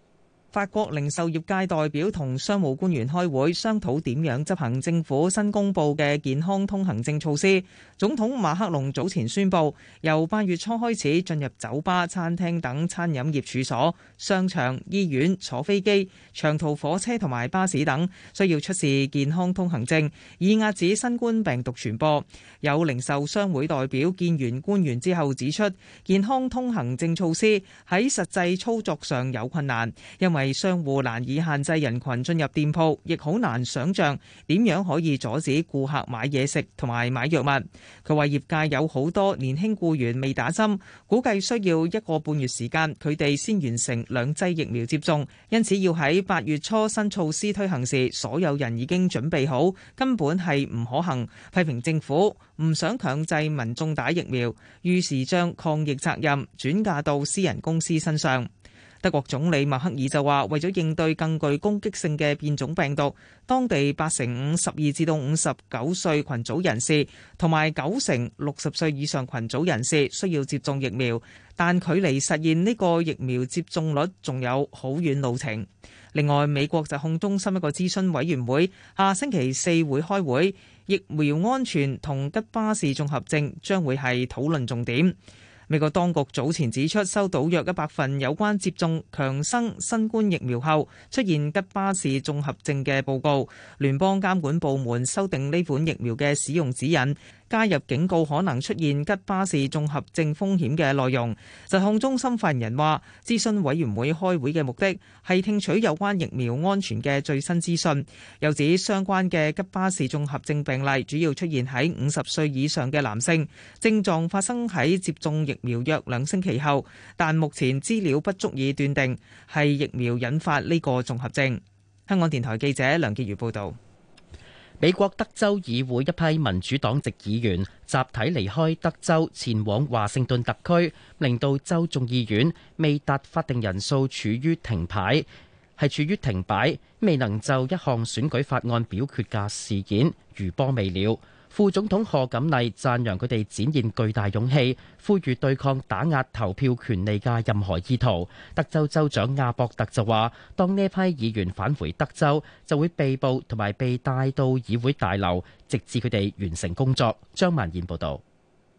法國零售業界代表同商務官員開會，商討點樣執行政府新公布嘅健康通行證措施。總統馬克龍早前宣布，由八月初開始，進入酒吧、餐廳等餐飲業處所、商場、醫院、坐飛機、長途火車同埋巴士等，需要出示健康通行證，以壓止新冠病毒傳播。有零售商會代表見完官員之後指出，健康通行證措施喺實際操作上有困難，因為商戶難以限制人群進入店鋪，亦好難想象點樣可以阻止顧客買嘢食同埋買藥物。佢話業界有好多年輕僱員未打針，估計需要一個半月時間，佢哋先完成兩劑疫苗接種，因此要喺八月初新措施推行時，所有人已經準備好，根本係唔可行。批評政府。唔想強制民眾打疫苗，於是將抗疫責任轉嫁到私人公司身上。德國總理默克爾就話：為咗應對更具攻擊性嘅變種病毒，當地八成五十二至到五十九歲群組人士同埋九成六十歲以上群組人士需要接種疫苗，但距離實現呢個疫苗接種率仲有好遠路程。另外，美國疾控中心一個諮詢委員會下星期四會開會。疫苗安全同吉巴氏綜合症將會係討論重點。美國當局早前指出，收到約一百份有關接種強生新冠疫苗後出現吉巴氏綜合症嘅報告，聯邦監管部門修訂呢款疫苗嘅使用指引。加入警告可能出現吉巴氏綜合症風險嘅內容。疾控中心發言人話：諮詢委員會開會嘅目的係聽取有關疫苗安全嘅最新資訊。又指相關嘅吉巴氏綜合症病例主要出現喺五十歲以上嘅男性，症狀發生喺接種疫苗約兩星期後，但目前資料不足以斷定係疫苗引發呢個綜合症。香港電台記者梁潔如報導。美國德州議會一批民主黨籍議員集體離開德州，前往華盛頓特區，令到州眾議院未達法定人數，處於停擺。係處於停擺，未能就一項選舉法案表決嘅事件餘波未了。副總統賀錦麗讚揚佢哋展現巨大勇氣，呼籲對抗打壓投票權利嘅任何意圖。德州州長亞伯特就話：當呢批議員返回德州，就會被捕同埋被帶到議會大樓，直至佢哋完成工作。張文燕報導。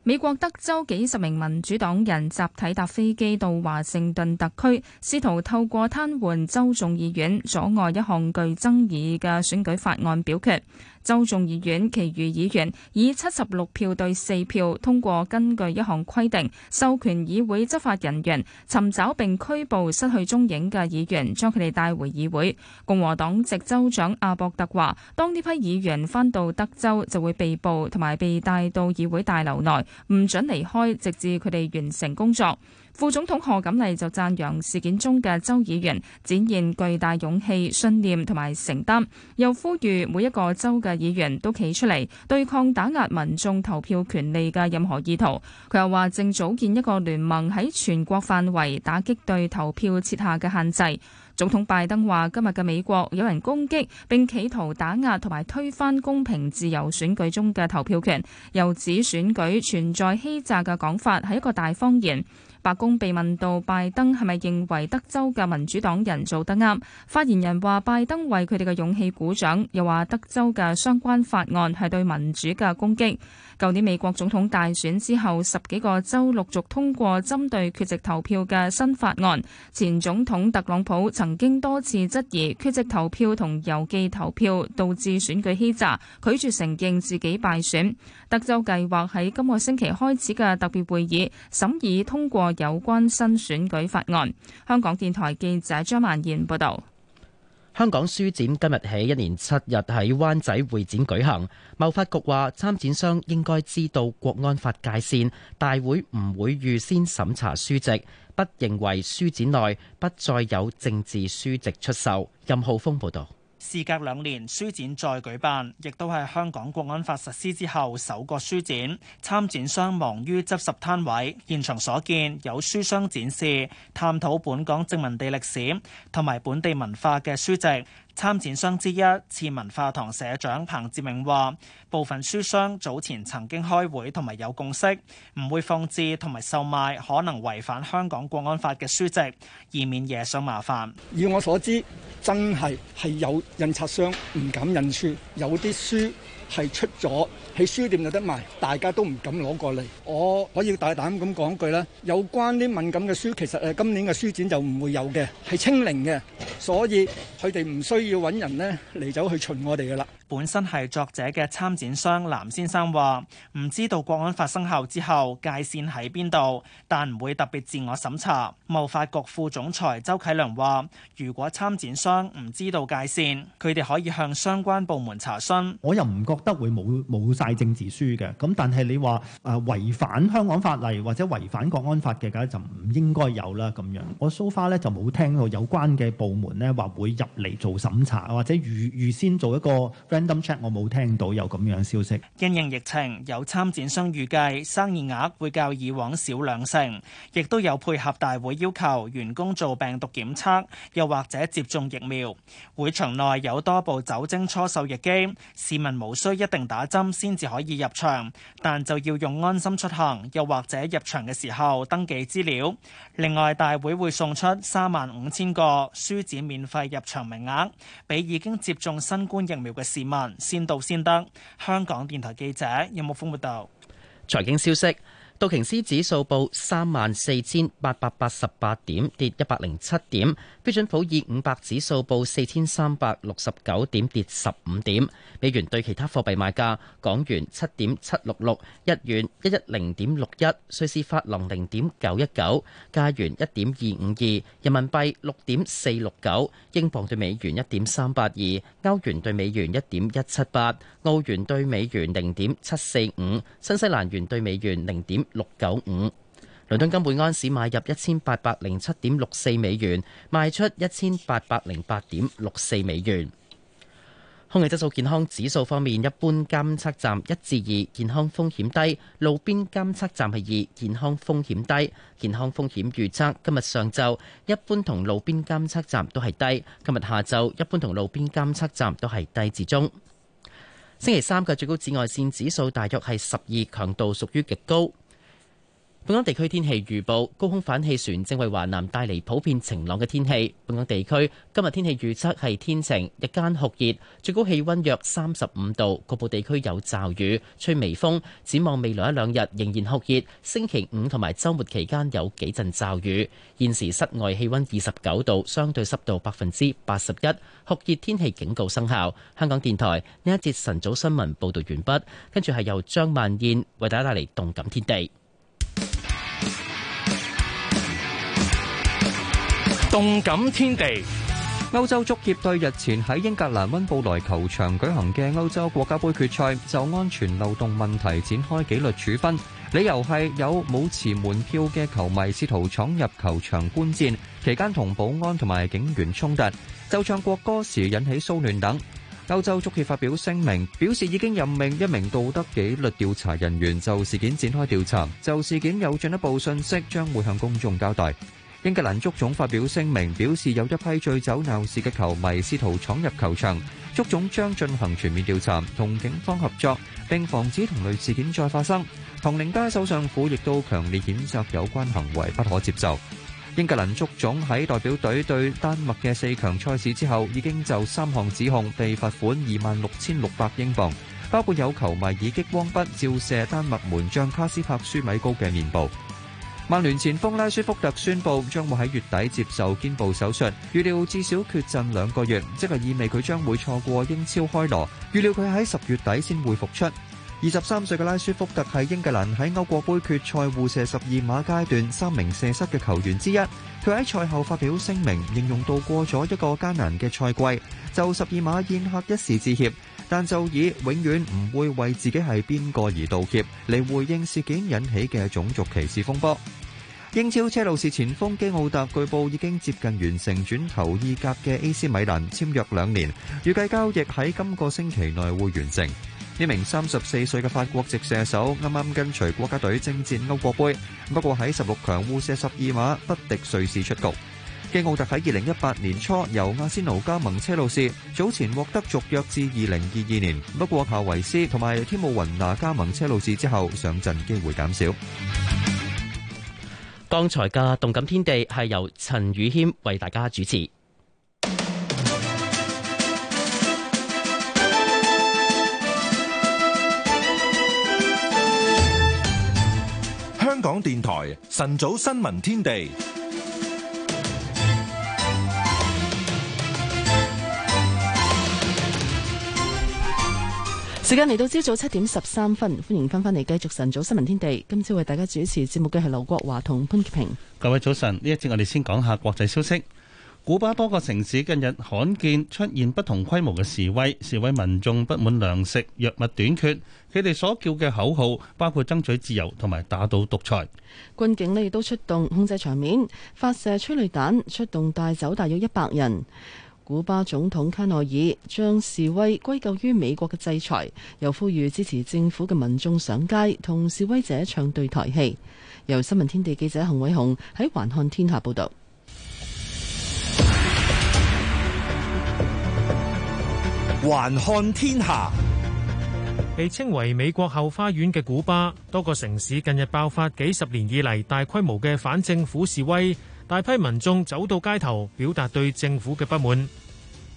美國德州幾十名民主黨人集體搭飛機到華盛頓特區，試圖透過癱瘓州眾議院，阻礙一項具爭議嘅選舉法案表決。州眾議院，其餘議員以七十六票對四票通過，根據一項規定，授權議會執法人員尋找並拘捕失去蹤影嘅議員，將佢哋帶回議會。共和黨籍州長阿博特話，當呢批議員返到德州就會被捕，同埋被帶到議會大樓內，唔准離開，直至佢哋完成工作。副總統賀錦麗就讚揚事件中嘅州議員展現巨大勇氣、信念同埋承擔，又呼籲每一個州嘅議員都企出嚟對抗打壓民眾投票權利嘅任何意圖。佢又話正組建一個聯盟喺全國範圍打擊對投票設下嘅限制。總統拜登話：今日嘅美國有人攻擊並企圖打壓同埋推翻公平自由選舉中嘅投票權，又指選舉存在欺詐嘅講法係一個大謊言。白宮被問到拜登係咪認為德州嘅民主黨人做得啱，發言人話拜登為佢哋嘅勇氣鼓掌，又話德州嘅相關法案係對民主嘅攻擊。舊年美國總統大選之後，十幾個州陸續通過針對缺席投票嘅新法案。前總統特朗普曾經多次質疑缺席投票同郵寄投票導致選舉欺詐，拒絕承認自己敗選。德州計劃喺今個星期開始嘅特別會議審議通過有關新選舉法案。香港電台記者張曼燕報道。香港書展今日起一連七日喺灣仔會展舉行。貿發局話參展商應該知道國安法界線，大會唔會預先審查書籍，不認為書展內不再有政治書籍出售。任浩峰報導。事隔兩年，書展再舉辦，亦都係香港國安法實施之後首個書展。參展商忙於執拾攤位，現場所見有書商展示、探討本港殖民地歷史同埋本地文化嘅書籍。參展商之一，次文化堂社長彭志明話，部分書商早前曾經開會，同埋有共識，唔會放置同埋售賣可能違反香港國安法嘅書籍，以免惹上麻煩。以我所知，真係係有印刷商唔敢印書，有啲書係出咗。喺書店就得賣，大家都唔敢攞過嚟。我可以大膽咁講句啦，有關啲敏感嘅書，其實誒今年嘅書展就唔會有嘅，係清零嘅，所以佢哋唔需要揾人咧嚟走去巡我哋噶啦。本身係作者嘅參展商藍先生話，唔知道國安法發生後之後界線喺邊度，但唔會特別自我審查。貿發局副總裁周啟良話，如果參展商唔知道界線，佢哋可以向相關部門查詢，我又唔覺得會冇冇。賣政治書嘅，咁但係你話誒違反香港法例或者違反國安法嘅，梗係就唔應該有啦咁樣。我蘇花咧就冇聽到有關嘅部門咧話會入嚟做審查或者預預先做一個 random check，我冇聽到有咁樣的消息。因應疫情，有參展商預計生意額會較以往少兩成，亦都有配合大會要求，員工做病毒檢測，又或者接種疫苗。會場內有多部酒精搓手液機，市民無需一定打針先只可以入場，但就要用安心出行，又或者入場嘅時候登記資料。另外，大會會送出三萬五千個書展免費入場名額，俾已經接種新冠疫苗嘅市民先到先得。香港電台記者任木峯報道。財經消息。道瓊斯指數報三萬四千八百八十八點，跌一百零七點。標準普爾五百指數報四千三百六十九點，跌十五點。美元對其他貨幣買價：港元七點七六六，日元一一零點六一，瑞士法郎零點九一九，加元一點二五二，人民幣六點四六九，英鎊對美元一點三八二，歐元對美元一點一七八，澳元對美元零點七四五，新西蘭元對美元零點六九五，倫敦金每盎司買入一千八百零七點六四美元，賣出一千八百零八點六四美元。空氣質素健康指數方面，一般監測站一至二，健康風險低；路邊監測站係二，健康風險低。健康風險預測今日上晝一般同路邊監測站都係低，今日下晝一般同路邊監測站都係低至中。星期三嘅最高紫外線指數大約係十二，強度屬於極高。本港地區天氣預報，高空反氣旋正為華南帶嚟普遍晴朗嘅天氣。本港地區今日天氣預測係天晴，日間酷熱，最高氣溫約三十五度。局部地區有驟雨，吹微風。展望未來一兩日仍然酷熱，星期五同埋周末期間有幾陣驟雨。現時室外氣溫二十九度，相對濕度百分之八十一，酷熱天氣警告生效。香港電台呢一節晨早新聞報道完畢，跟住係由張萬燕為大家帶嚟動感天地。動感天地，歐洲足協對日前喺英格蘭溫布萊球場舉行嘅歐洲國家盃決賽，就安全漏洞問題展開紀律處分，理由係有冇持門票嘅球迷試圖闖入球場觀戰，期間同保安同埋警員衝突，奏唱國歌時引起騷亂等。歐洲足協發表聲明，表示已經任命一名道德紀律調查人員就事件展開調查，就事件有進一步信息將會向公眾交代。英格蘭足總發表聲明，表示有一批醉酒鬧事嘅球迷試圖闖入球場，足總將進行全面調查，同警方合作，並防止同類事件再發生。唐寧街首相府亦都強烈譴責有關行為不可接受。英格蘭足總喺代表隊對丹麥嘅四強賽事之後，已經就三項指控被罰款二萬六千六百英鎊，包括有球迷以激光筆照射丹麥門將卡斯帕舒米高嘅面部。曼聯前鋒拉舒福特宣布將會喺月底接受肩部手術，預料至少缺陣兩個月，即係意味佢將會錯過英超開鑼。預料佢喺十月底先會復出。二十三歲嘅拉舒福特係英格蘭喺歐國盃決賽互射十二碼階段三名射失嘅球員之一。佢喺賽後發表聲明，形容度過咗一個艱難嘅賽季，就十二碼宴客一事致歉。但就以永遠唔會為自己係邊個而道歉嚟回應事件引起嘅種族歧視風波。英超車路士前鋒基奧特據報已經接近完成轉投意甲嘅 AC 米蘭，簽約兩年，預計交易喺今個星期內會完成。呢名三十四歲嘅法國籍射手啱啱跟隨國家隊征戰歐國杯，不過喺十六強互射十二碼不敵瑞士出局。基奧特喺二零一八年初由阿仙奴加盟車路士，早前獲得續約至二零二二年。不過夏維斯同埋天霧雲拿加盟車路士之後，上陣機會減少。剛才嘅動感天地係由陳宇謙為大家主持。香港電台晨早新聞天地。時間嚟到朝早七點十三分，歡迎翻返嚟繼續晨早新聞天地。今朝為大家主持節目嘅係劉國華同潘潔平。各位早晨，呢一節我哋先講下國際消息。古巴多個城市近日罕見出現不同規模嘅示威，示威民眾不滿糧食、藥物短缺，佢哋所叫嘅口號包括爭取自由同埋打倒獨裁。軍警呢亦都出動控制場面，發射催淚彈，出動帶走大約一百人。古巴總統卡內爾將示威歸咎於美國嘅制裁，又呼籲支持政府嘅民眾上街，同示威者唱對台戲。由新聞天地記者洪偉雄喺環看天下報導。環看天下。天下被稱為美國後花園嘅古巴，多個城市近日爆發幾十年以嚟大規模嘅反政府示威。大批民眾走到街頭，表達對政府嘅不滿。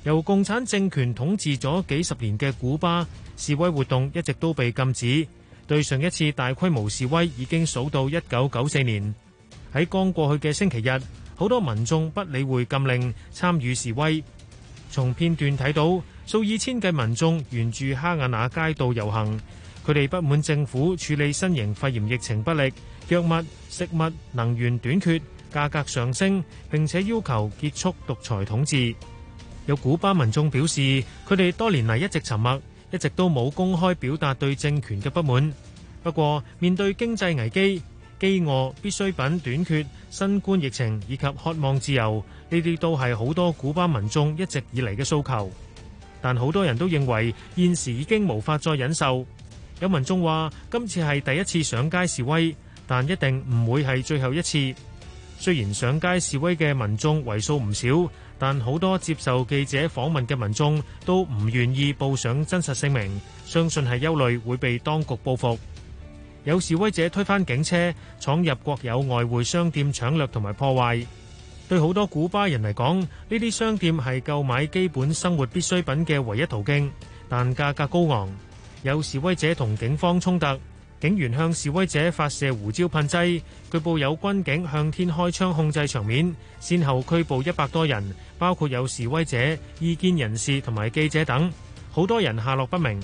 由共產政權統治咗幾十年嘅古巴，示威活動一直都被禁止。對上一次大規模示威已經數到一九九四年。喺剛過去嘅星期日，好多民眾不理會禁令，參與示威。從片段睇到數以千計民眾沿住哈瓦那街道遊行，佢哋不滿政府處理新型肺炎疫情不力，藥物、食物、能源短缺。價格上升，並且要求結束獨裁統治。有古巴民眾表示，佢哋多年嚟一直沉默，一直都冇公開表達對政權嘅不滿。不過，面對經濟危機、飢餓、必需品短缺、新冠疫情以及渴望自由，呢啲都係好多古巴民眾一直以嚟嘅訴求。但好多人都認為現時已經無法再忍受。有民眾話，今次係第一次上街示威，但一定唔會係最後一次。雖然上街示威嘅民眾為數唔少，但好多接受記者訪問嘅民眾都唔願意報上真實姓名，相信係憂慮會被當局報復。有示威者推翻警車，闖入國有外匯商店搶掠同埋破壞。對好多古巴人嚟講，呢啲商店係購買基本生活必需品嘅唯一途徑，但價格高昂。有示威者同警方衝突。警員向示威者發射胡椒噴劑，據報有軍警向天開槍控制場面，先後拘捕一百多人，包括有示威者、異見人士同埋記者等，好多人下落不明，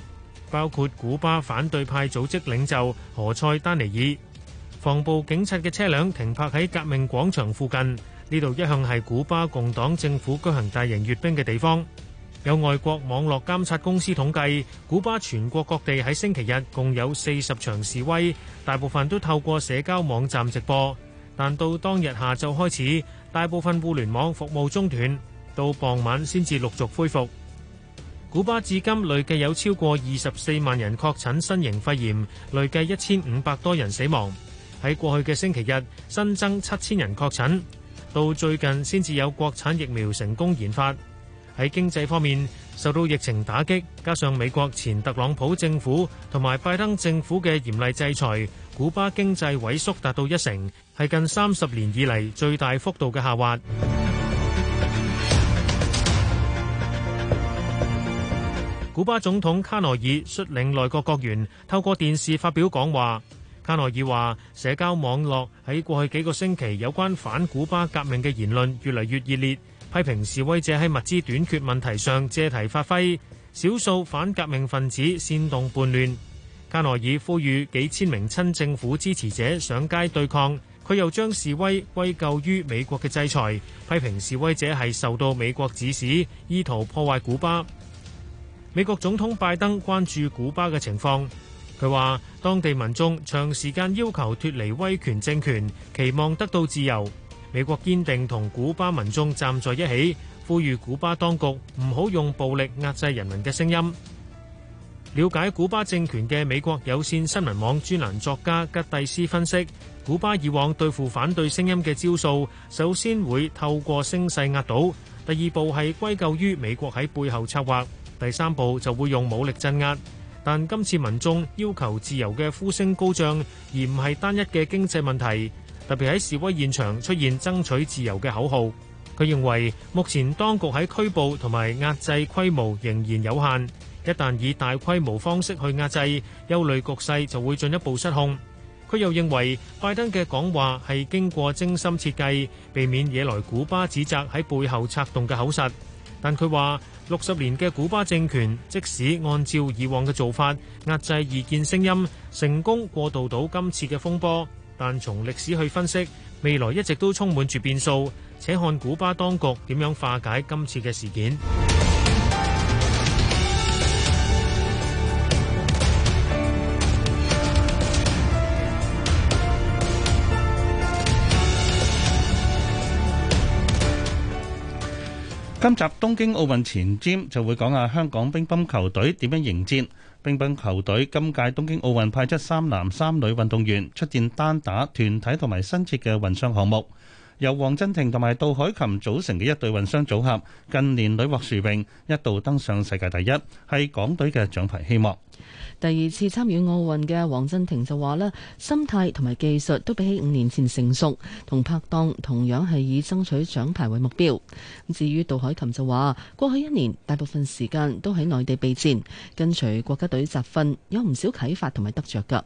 包括古巴反對派組織領袖何塞丹尼爾。防暴警察嘅車輛停泊喺革命廣場附近，呢度一向係古巴共黨政府舉行大型閱兵嘅地方。有外國網絡監察公司統計，古巴全國各地喺星期日共有四十場示威，大部分都透過社交網站直播。但到當日下晝開始，大部分互聯網服務中斷，到傍晚先至陸續恢復。古巴至今累計有超過二十四萬人確診新型肺炎，累計一千五百多人死亡。喺過去嘅星期日，新增七千人確診，到最近先至有國產疫苗成功研發。喺經濟方面受到疫情打擊，加上美國前特朗普政府同埋拜登政府嘅嚴厲制裁，古巴經濟萎縮達到一成，係近三十年以嚟最大幅度嘅下滑。古巴總統卡內爾率領內閣國員透過電視發表講話。卡內爾話：社交網絡喺過去幾個星期有關反古巴革命嘅言論越嚟越熱烈。批評示威者喺物資短缺問題上借題發揮，少數反革命分子煽動叛亂。加內爾呼籲幾千名親政府支持者上街對抗，佢又將示威歸咎於美國嘅制裁，批評示威者係受到美國指使，意圖破壞古巴。美國總統拜登關注古巴嘅情況，佢話當地民眾長時間要求脱離威權政權，期望得到自由。美國堅定同古巴民眾站在一起，呼籲古巴當局唔好用暴力壓制人民嘅聲音。了解古巴政權嘅美國有線新聞網專欄作家吉蒂斯分析，古巴以往對付反對聲音嘅招數，首先會透過聲勢壓倒，第二步係歸咎於美國喺背後策劃，第三步就會用武力鎮壓。但今次民眾要求自由嘅呼聲高漲，而唔係單一嘅經濟問題。特別喺示威現場出現爭取自由嘅口號，佢認為目前當局喺拘捕同埋壓制規模仍然有限，一旦以大規模方式去壓制，憂慮局勢就會進一步失控。佢又認為拜登嘅講話係經過精心設計，避免惹來古巴指責喺背後策動嘅口實。但佢話六十年嘅古巴政權，即使按照以往嘅做法壓制異見聲音，成功過渡到今次嘅風波。但從歷史去分析，未來一直都充滿住變數，且看古巴當局點樣化解今次嘅事件。今集東京奧運前瞻就會講下香港乒乓球隊點樣迎戰。乒乓球隊今屆東京奧運派出三男三女運動員出戰單打、團體同埋新設嘅混雙項目。由黃鎮廷同埋杜海琴組成嘅一對混雙組合，近年女獲殊榮，一度登上世界第一，係港隊嘅獎牌希望。第二次參與奧運嘅黃鎮廷就話呢，心態同埋技術都比起五年前成熟，同拍檔同樣係以爭取獎牌為目標。至於杜凱琴就話，過去一年大部分時間都喺內地備戰，跟隨國家隊集訓，有唔少啟發同埋得着㗎。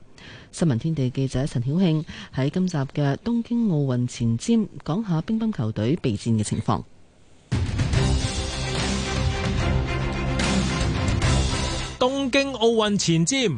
新聞天地記者陳曉慶喺今集嘅東京奧運前瞻講下乒乓球隊備戰嘅情況。東京奧運前瞻。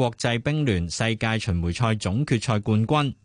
國際乒聯世界巡迴賽總決賽冠軍。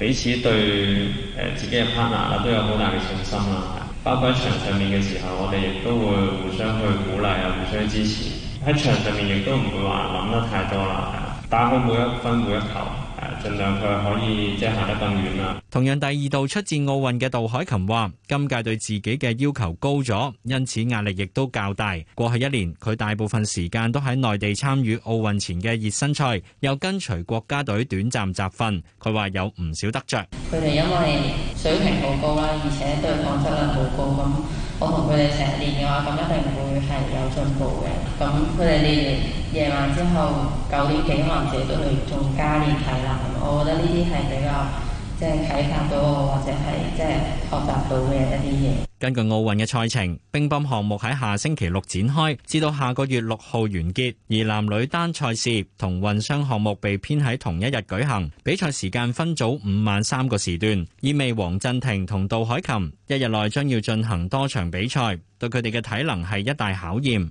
彼此對自己嘅 partner 都有好大嘅信心啦，包括喺場上面嘅時候，我哋亦都會互相去鼓勵啊，互相支持。喺場上面亦都唔會話諗得太多啦，打好每一分每一球。誒，儘量佢可以即係行得更遠啦。同樣，第二度出戰奧運嘅杜海琴話，今屆對自己嘅要求高咗，因此壓力亦都較大。過去一年，佢大部分時間都喺內地參與奧運前嘅熱身賽，又跟隨國家隊短暫集訓。佢話有唔少得着。佢哋因為水平好高啦，而且對抗質量好高咁。我同佢哋成日練嘅話，咁一定會係有進步嘅。咁佢哋練完夜晚之後九點幾，可能自己都去仲加練體能。我覺得呢啲係比較。即係睇得到，或者係即係學習到嘅一啲嘢。根據奧運嘅賽程，乒乓項目喺下星期六展開，至到下個月六號完結。而男女單賽事同混雙項目被編喺同一日舉行，比賽時間分早、午、晚三個時段。意味黃振廷同杜海琴一日內將要進行多場比賽，對佢哋嘅體能係一大考驗。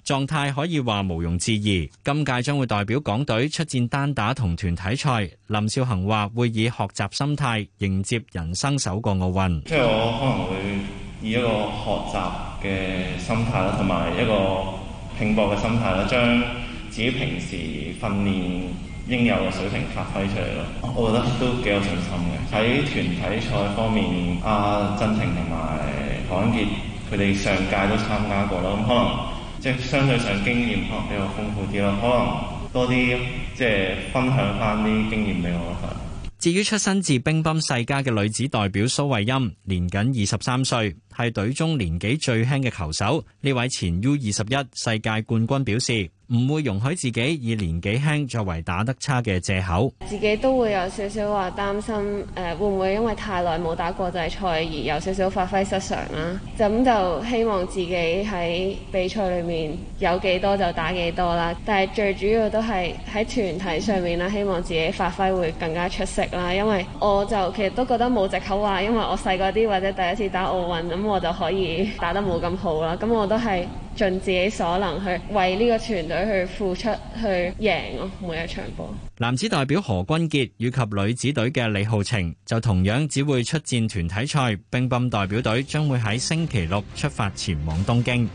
狀態可以話無庸置疑，今屆將會代表港隊出戰單打同團體賽。林少恒話：會以學習心態迎接人生首個奧運，即係我可能會以一個學習嘅心態同埋一個拼搏嘅心態啦，將自己平時訓練應有嘅水平發揮出嚟咯。我覺得都幾有信心嘅，喺團體賽方面。阿曾婷同埋唐安傑佢哋上屆都參加過啦，咁、嗯、可能。即係相對上經驗可能比較豐富啲咯，可能多啲即、就是、分享翻啲經驗俾我啦。至於出身自乒乓世家嘅女子代表蘇慧音，年僅二十三歲，係隊中年紀最輕嘅球手。呢位前 U 二十一世界冠軍表示。唔會容許自己以年紀輕作為打得差嘅借口。自己都會有少少話擔心，誒，會唔會因為太耐冇打過國際賽而有少少發揮失常啦？咁就希望自己喺比賽裏面有幾多就打幾多啦，啊。但係最主要都係喺團體上面啦，希望自己發揮會更加出色啦，啊。因為我就其實都覺得冇借口話，啊，因為我細個啲或者第一次打奧運，咁我就可以打得冇咁好啦。咁我都係。盡自己所能去為呢個團隊去付出，去贏咯、啊。每一場波。男子代表何君傑以及女子隊嘅李浩晴就同樣只會出戰團體賽。乒乓代表隊將會喺星期六出發前往東京。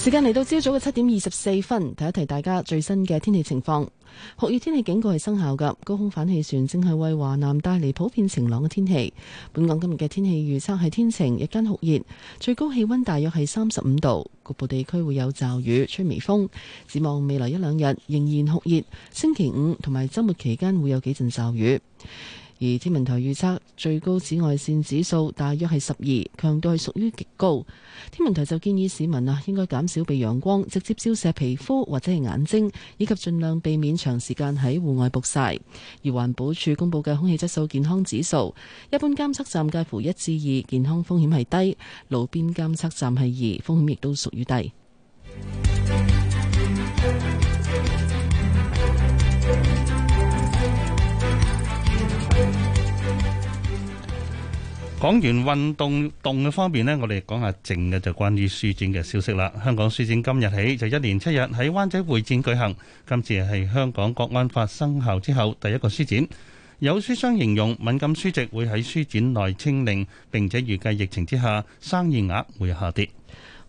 時間嚟到朝早嘅七點二十四分，提一提大家最新嘅天氣情況。酷熱天氣警告係生效㗎，高空反氣旋正係為華南帶嚟普遍晴朗嘅天氣。本港今日嘅天氣預測係天晴，日間酷熱，最高氣溫大約係三十五度，局部地區會有驟雨，吹微風。展望未來一兩日仍然酷熱，星期五同埋周末期間會有幾陣驟雨。而天文台預測最高紫外線指數大約係十二，強度係屬於極高。天文台就建議市民啊，應該減少被陽光直接照射皮膚或者係眼睛，以及盡量避免長時間喺戶外曝曬。而環保署公布嘅空氣質素健康指數，一般監測站介乎一至二，健康風險係低；路邊監測站係二，風險亦都屬於低。講完運動動嘅方面呢，我哋講下靜嘅，就關於書展嘅消息啦。香港書展今日起就一連七日喺灣仔會展舉行，今次係香港國安法生效之後第一個書展。有書商形容敏感書籍會喺書展內清零，並且預計疫情之下生意額會下跌。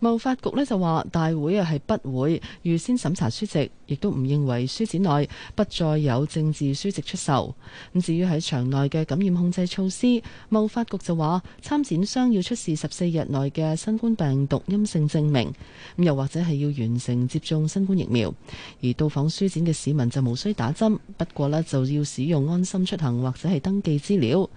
呢貿發局就話，大會啊係不會預先審查書籍，亦都唔認為書展內不再有政治書籍出售。咁至於喺場內嘅感染控制措施，貿發局就話參展商要出示十四日內嘅新冠病毒陰性證明，咁又或者係要完成接種新冠疫苗。而到訪書展嘅市民就無需打針，不過呢就要使用安心出行或者係登記資料。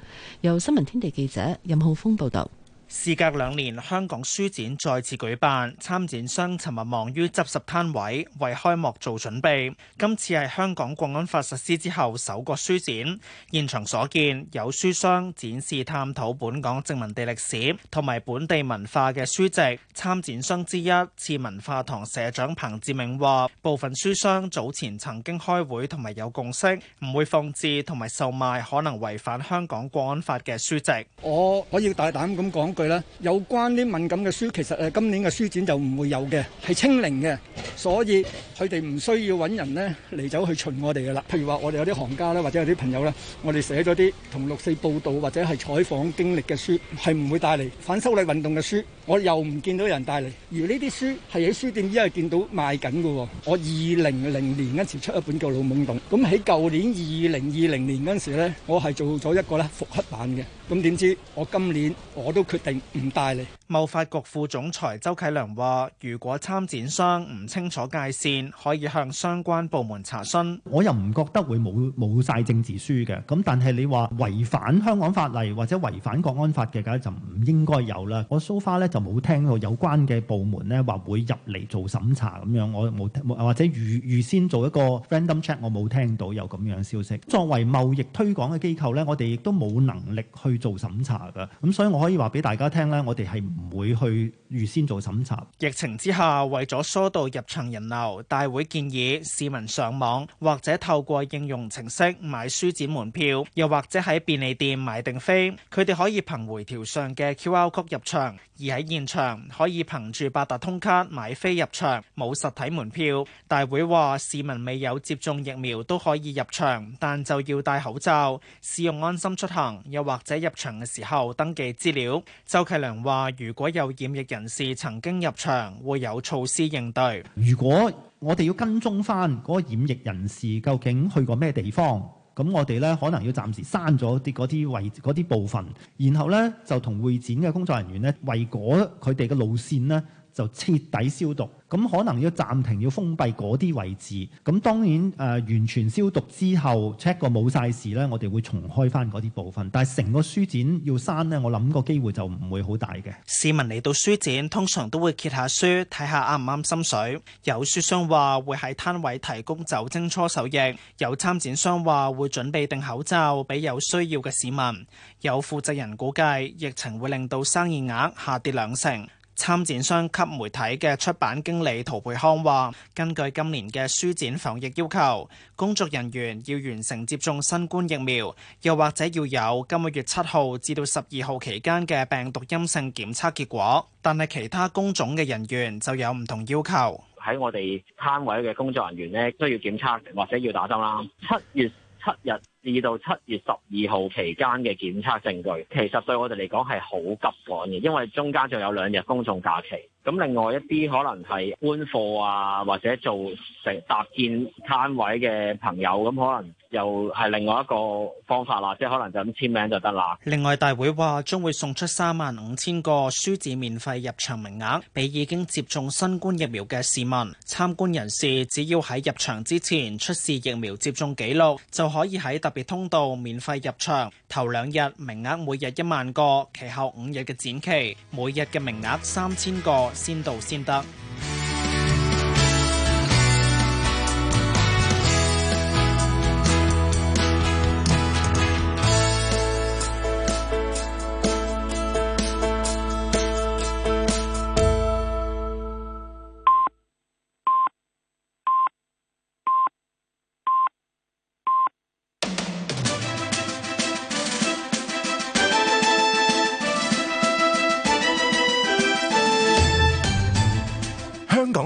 由新聞天地記者任浩峰報導。事隔兩年，香港書展再次舉辦，參展商尋日忙於執拾攤位，為開幕做準備。今次係香港國安法實施之後首個書展。現場所見，有書商展示探討本港殖民地歷史同埋本地文化嘅書籍。參展商之一，次文化堂社長彭志銘話：部分書商早前曾經開會同埋有共識，唔會放置同埋售賣可能違反香港國安法嘅書籍。我可以大膽咁講句啦，有關啲敏感嘅書，其實咧今年嘅書展就唔會有嘅，係清零嘅，所以佢哋唔需要揾人咧嚟走去巡我哋噶啦。譬如話，我哋有啲行家咧，或者有啲朋友咧，我哋寫咗啲同六四報導或者係採訪經歷嘅書，係唔會帶嚟反修例運動嘅書。我又唔見到人帶嚟，而呢啲書係喺書店依家見到賣緊噶喎。我二零零年嗰陣時出一本舊老懵懂，咁喺舊年二零二零年嗰陣時咧，我係做咗一個咧復刻版嘅。咁點知我今年我都決定。唔大咧。貿發局副總裁周啟良話，如果參展商唔清楚界線，可以向相關部門查詢。我又唔覺得會冇冇曬政治書嘅。咁但係你話違反香港法例或者違反國安法嘅，梗係就唔應該有啦。我 so far 咧就冇聽到有關嘅部門咧話會入嚟做審查咁樣，我冇聽或者預預先做一個 random check，我冇聽到有咁樣消息。作為貿易推廣嘅機構咧，我哋亦都冇能力去做審查㗎。咁所以我可以話俾大家。大家聽咧，我哋係唔會去預先做審查。疫情之下，為咗疏導入場人流，大會建議市民上網或者透過應用程式買書展門票，又或者喺便利店買定飛。佢哋可以憑回條上嘅 QR 曲入場，而喺現場可以憑住八達通卡買飛入場，冇實體門票。大會話市民未有接種疫苗都可以入場，但就要戴口罩，使用安心出行，又或者入場嘅時候登記資料。周啟良話，如果有染疫人士曾經入場，會有措施應對。如果我哋要跟蹤翻嗰個染疫人士究竟去過咩地方，咁我哋咧可能要暫時刪咗啲嗰啲位嗰啲部分，然後咧就同會展嘅工作人員咧圍嗰佢哋嘅路線咧。就徹底消毒，咁可能要暫停，要封閉嗰啲位置。咁當然，呃，完全消毒之後 check 過冇晒事咧，我哋會重開翻嗰啲部分。但係成個書展要刪呢，我諗個機會就唔會好大嘅。市民嚟到書展通常都會揭下書睇下啱唔啱心水。有書商話會喺攤位提供酒精搓手液，有參展商話會準備定口罩俾有需要嘅市民。有負責人估計疫情會令到生意額下跌兩成。參展商及媒體嘅出版經理陶培康話：根據今年嘅書展防疫要求，工作人員要完成接種新冠疫苗，又或者要有今個月七號至到十二號期間嘅病毒陰性檢測結果。但係其他工種嘅人員就有唔同要求。喺我哋攤位嘅工作人員呢，都要檢測或者要打針啦。七月。七日至到七月十二號期間嘅檢測證據，其實對我哋嚟講係好急趕嘅，因為中間仲有兩日公眾假期。咁另外一啲可能係搬貨啊，或者做成搭建攤位嘅朋友，咁可能又係另外一個方法啦，即係可能就咁簽名就得啦。另外，大會話將會送出三萬五千個書展免費入場名額，俾已經接種新冠疫苗嘅市民。參觀人士只要喺入場之前出示疫苗接種記錄，就可以喺特別通道免費入場。頭兩日名額每日一萬個，其後五日嘅展期，每日嘅名額三千個。先到先得。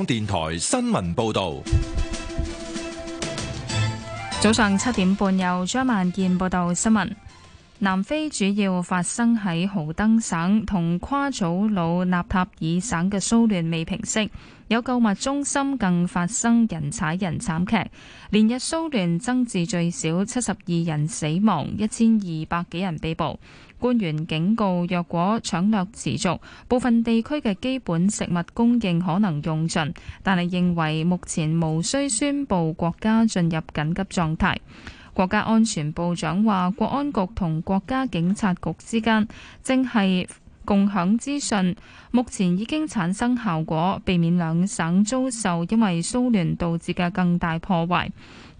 電台新聞報道，早上七點半有，由張萬健報道新聞。南非主要發生喺豪登省同夸祖魯納塔爾省嘅騷亂未平息，有購物中心更發生人踩人慘劇。連日騷亂增至最少七十二人死亡，一千二百幾人被捕。官員警告，若果搶掠持續，部分地區嘅基本食物供應可能用盡。但係認為目前無需宣布國家進入緊急狀態。國家安全部長話，國安局同國家警察局之間正係共享資訊，目前已經產生效果，避免兩省遭受因為騷亂導致嘅更大破壞。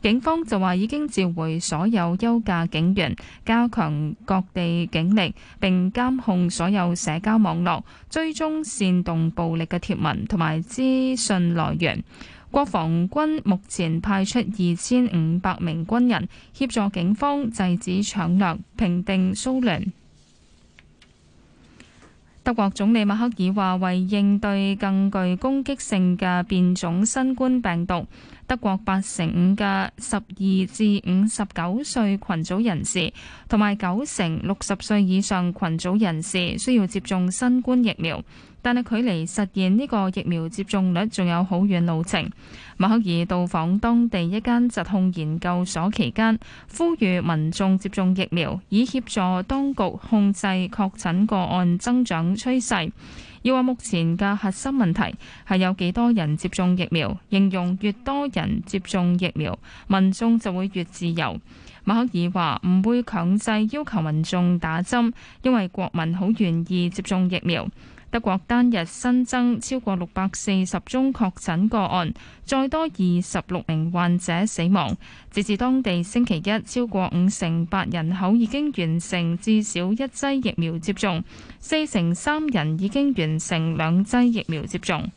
警方就話已經召回所有休假警員，加強各地警力，並監控所有社交網絡，追蹤煽動暴力嘅貼文同埋資訊來源。國防軍目前派出二千五百名軍人協助警方制止搶掠、平定騷亂。德國總理默克爾話：為應對更具攻擊性嘅變種新冠病毒。德國八成五嘅十二至五十九歲群組人士，同埋九成六十歲以上群組人士需要接種新冠疫苗。但係，距離實現呢個疫苗接種率仲有好遠路程。默克爾到訪當地一間疾控研究所期間，呼籲民眾接種疫苗，以協助當局控制確診個案增長趨勢。要話目前嘅核心問題係有幾多人接種疫苗，形容越多人接種疫苗，民眾就會越自由。默克爾話唔會強制要求民眾打針，因為國民好願意接種疫苗。德國單日新增超過六百四十宗確診個案，再多二十六名患者死亡。截至當地星期一，超過五成八人口已經完成至少一劑疫苗接種，四成三人已經完成兩劑疫苗接種。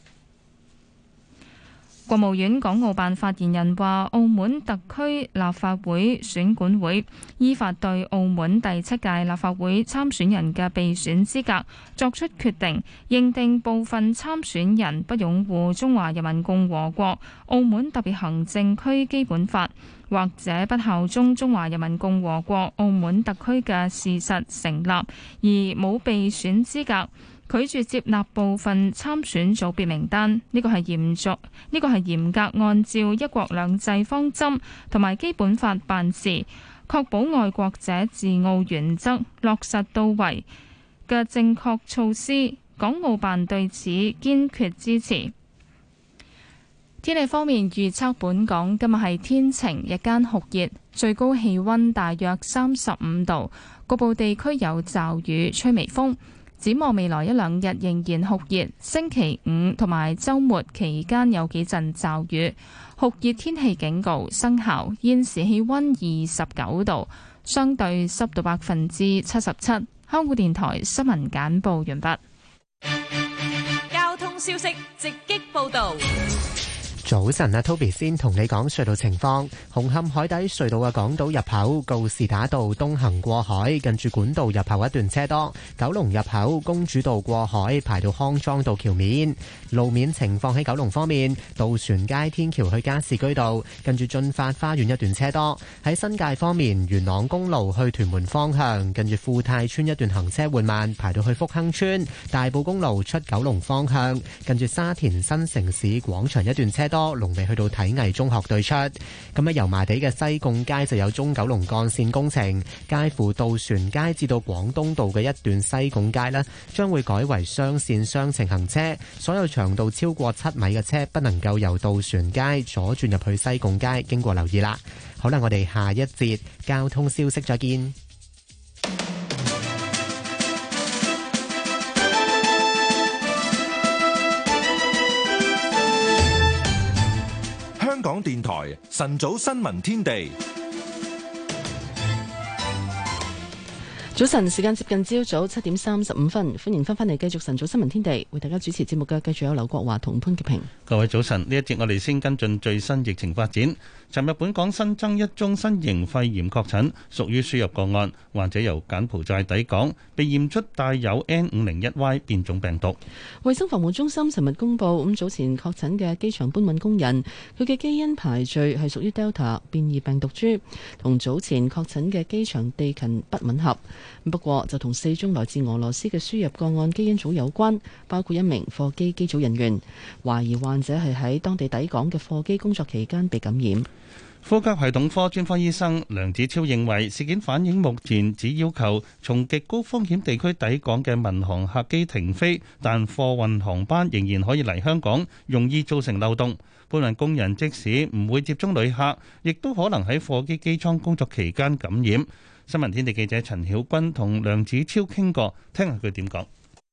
國務院港澳辦發言人話，澳門特區立法會選管會依法對澳門第七屆立法會參選人嘅備選資格作出決定，認定部分參選人不擁護中華人民共和國澳門特別行政區基本法，或者不效忠中華人民共和國澳門特區嘅事實成立，而冇備選資格。拒絕接納部分參選組別名單，呢個係嚴肅，呢個係嚴格按照一國兩制方針同埋基本法辦事，確保外國者治澳原則落實到位嘅正確措施。港澳辦對此堅決支持。天氣方面預測，本港今日係天晴，日間酷熱，最高氣温大約三十五度，局部地區有驟雨，吹微風。展望未來一兩日仍然酷熱，星期五同埋週末期間有幾陣驟雨。酷熱天氣警告生效。現時氣溫二十九度，相對濕度百分之七十七。香港電台新聞簡報完畢。交通消息直擊報導。早晨啊，Toby 先同你講隧道情況。紅磡海底隧道嘅港島入口告士打道東行過海，近住管道入口一段車多；九龍入口公主道過海排到康莊道橋面。路面情況喺九龍方面，渡船街天橋去加士居道，跟住進發花園一段車多；喺新界方面，元朗公路去屯門方向，跟住富泰村一段行車緩慢，排到去福亨村；大埔公路出九龍方向，跟住沙田新城市廣場一段車多，龍尾去到體藝中學對出。咁喺油麻地嘅西貢街就有中九龍幹線工程，介乎渡船街至到廣東道嘅一段西貢街咧，將會改為雙線雙程行車，所有長長度超過七米嘅車不能夠由渡船街左轉入去西貢街，經過留意啦。好啦，我哋下一節交通消息再見。香港電台晨早新聞天地。早晨，時間接近朝早七點三十五分，歡迎翻返嚟繼續晨早新聞天地，為大家主持節目嘅繼續有劉國華同潘潔平。各位早晨，呢一節我哋先跟進最新疫情發展。尋日本港新增一宗新型肺炎確診，屬於輸入個案，患者由柬埔寨抵港，被驗出帶有 N 五零一 Y 變種病毒。衛生防護中心尋日公布，咁早前確診嘅機場搬運工人，佢嘅基因排序係屬於 Delta 變異病毒株，同早前確診嘅機場地勤不吻合。不過就同四宗來自俄羅斯嘅輸入個案基因組有關，包括一名貨機機組人員，懷疑患者係喺當地抵港嘅貨機工作期間被感染。呼吸系統科專科醫生梁子超認為事件反映目前只要求從極高風險地區抵港嘅民航客機停飛，但貨運航班仍然可以嚟香港，容易造成漏洞。搬運工人即使唔會接觸旅客，亦都可能喺貨機機艙工作期間感染。新聞天地記者陳曉君同梁子超傾過，聽下佢點講。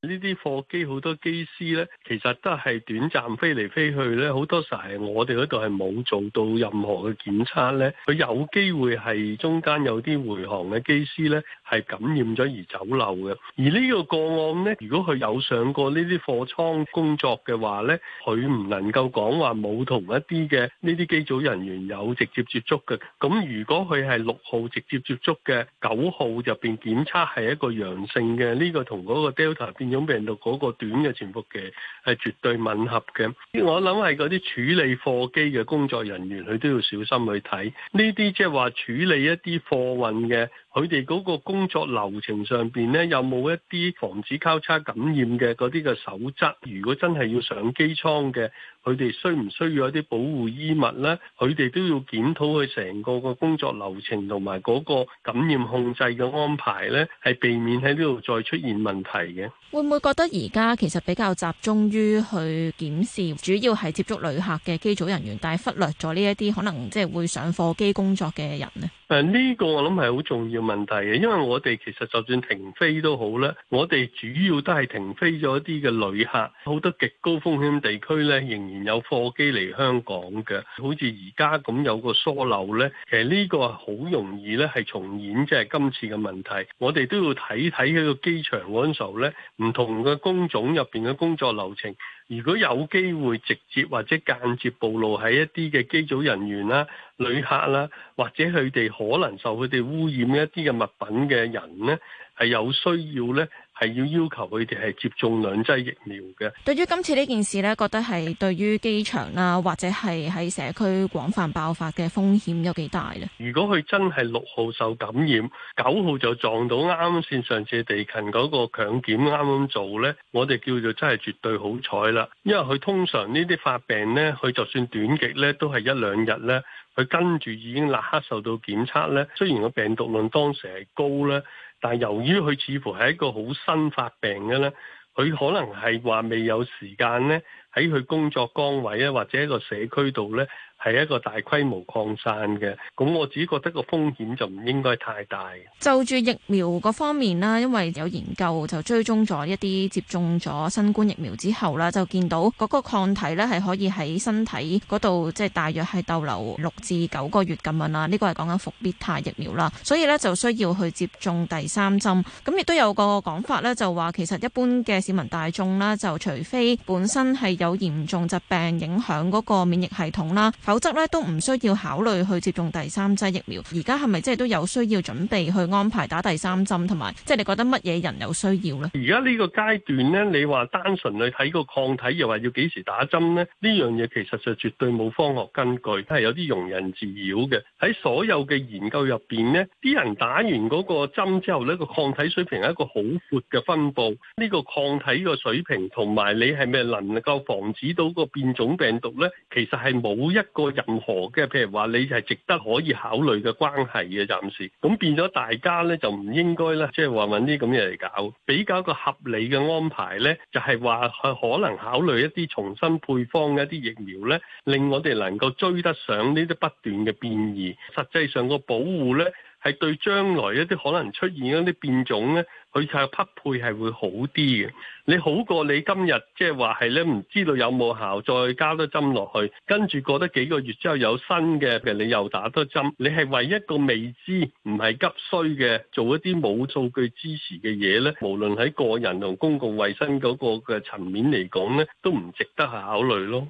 呢啲貨機好多機師呢，其實都係短暫飛嚟飛去呢，好多時係我哋嗰度係冇做到任何嘅檢測，呢佢有機會係中間有啲回航嘅機師呢，係感染咗而走漏嘅。而呢個個案呢，如果佢有上過呢啲貨艙工作嘅話呢，佢唔能夠講話冇同一啲嘅呢啲機組人員有直接接觸嘅。咁如果佢係六號直接接觸嘅，九號入邊檢測係一個陽性嘅，呢個同嗰個 Delta 變種。病毒嗰個短嘅潛伏期係絕對吻合嘅，我諗係嗰啲處理貨機嘅工作人員，佢都要小心去睇呢啲，即係話處理一啲貨運嘅。佢哋嗰個工作流程上邊咧，有冇一啲防止交叉感染嘅嗰啲嘅守則？如果真係要上機艙嘅，佢哋需唔需要一啲保護衣物咧？佢哋都要檢討佢成個個工作流程同埋嗰個感染控制嘅安排咧，係避免喺呢度再出現問題嘅。會唔會覺得而家其實比較集中於去檢視主要係接觸旅客嘅機組人員，但係忽略咗呢一啲可能即係會上貨機工作嘅人咧？誒呢個我諗係好重要問題嘅，因為我哋其實就算停飛都好咧，我哋主要都係停飛咗一啲嘅旅客，好多極高風險地區咧仍然有貨機嚟香港嘅，好似而家咁有個疏漏咧，其實呢個係好容易咧係重演即係今次嘅問題，我哋都要睇睇喺個機場嗰陣時候咧，唔同嘅工種入面嘅工作流程。如果有機會直接或者間接暴露喺一啲嘅機組人員啦、旅客啦，或者佢哋可能受佢哋污染一啲嘅物品嘅人咧，係有需要咧。係要要求佢哋係接種兩劑疫苗嘅。對於今次呢件事呢，覺得係對於機場啦、啊，或者係喺社區廣泛爆發嘅風險有幾大呢？如果佢真係六號受感染，九號就撞到啱先上次地勤嗰個強檢啱啱做呢，我哋叫做真係絕對好彩啦。因為佢通常呢啲發病呢，佢就算短極呢，都係一兩日呢，佢跟住已經立刻受到檢測呢。雖然個病毒量當時係高呢。但係由於佢似乎係一個好新發病嘅咧，佢可能係話未有時間咧。喺佢工作崗位咧，或者一個社區度咧，係一個大規模擴散嘅。咁我自己覺得個風險就唔應該太大。就住疫苗個方面啦，因為有研究就追蹤咗一啲接種咗新冠疫苗之後啦，就見到嗰個抗體咧係可以喺身體嗰度，即係大約係逗留六至九個月咁樣啦。呢個係講緊復必泰疫苗啦，所以咧就需要去接種第三針，咁亦都有個講法咧，就話其實一般嘅市民大眾啦，就除非本身係有。有嚴重疾病影響嗰個免疫系統啦，否則咧都唔需要考慮去接種第三劑疫苗。而家係咪即係都有需要準備去安排打第三針，同埋即係你覺得乜嘢人有需要呢？而家呢個階段咧，你話單純去睇個抗體，又話要幾時打針咧？呢樣嘢其實就絕對冇科學根據，都係有啲庸人自擾嘅。喺所有嘅研究入邊呢，啲人打完嗰個針之後呢，個抗體水平係一個好闊嘅分布。呢個抗體個水平同埋你係咪能夠，防止到個變種病毒咧，其實係冇一個任何嘅，譬如話你係值得可以考慮嘅關係嘅、啊，暫時咁變咗大家咧就唔應該咧，即係話揾啲咁嘢嚟搞，比較一個合理嘅安排咧，就係、係、話係可能考慮一啲重新配方嘅一啲疫苗咧，令我哋能夠追得上呢啲不斷嘅變異，實際上個保護咧。係對將來一啲可能出現一啲變種咧，佢係匹配係會好啲嘅。你好過你今日即係話係咧，唔知道有冇效，再加多針落去，跟住過得幾個月之後有新嘅，其實你又打多針。你係為一個未知唔係急需嘅，做一啲冇數據支持嘅嘢咧，無論喺個人同公共衛生嗰個嘅層面嚟講咧，都唔值得考慮咯。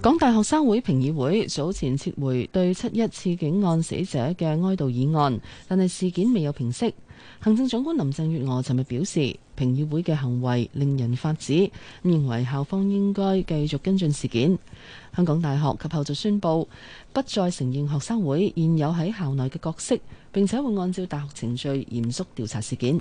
港大學生會評議會早前撤回對七一刺警案死者嘅哀悼議案，但係事件未有平息。行政長官林鄭月娥尋日表示，評議會嘅行為令人髮指，認為校方應該繼續跟進事件。香港大學及後就宣佈不再承認學生會現有喺校內嘅角色，並且會按照大學程序嚴肅調查事件。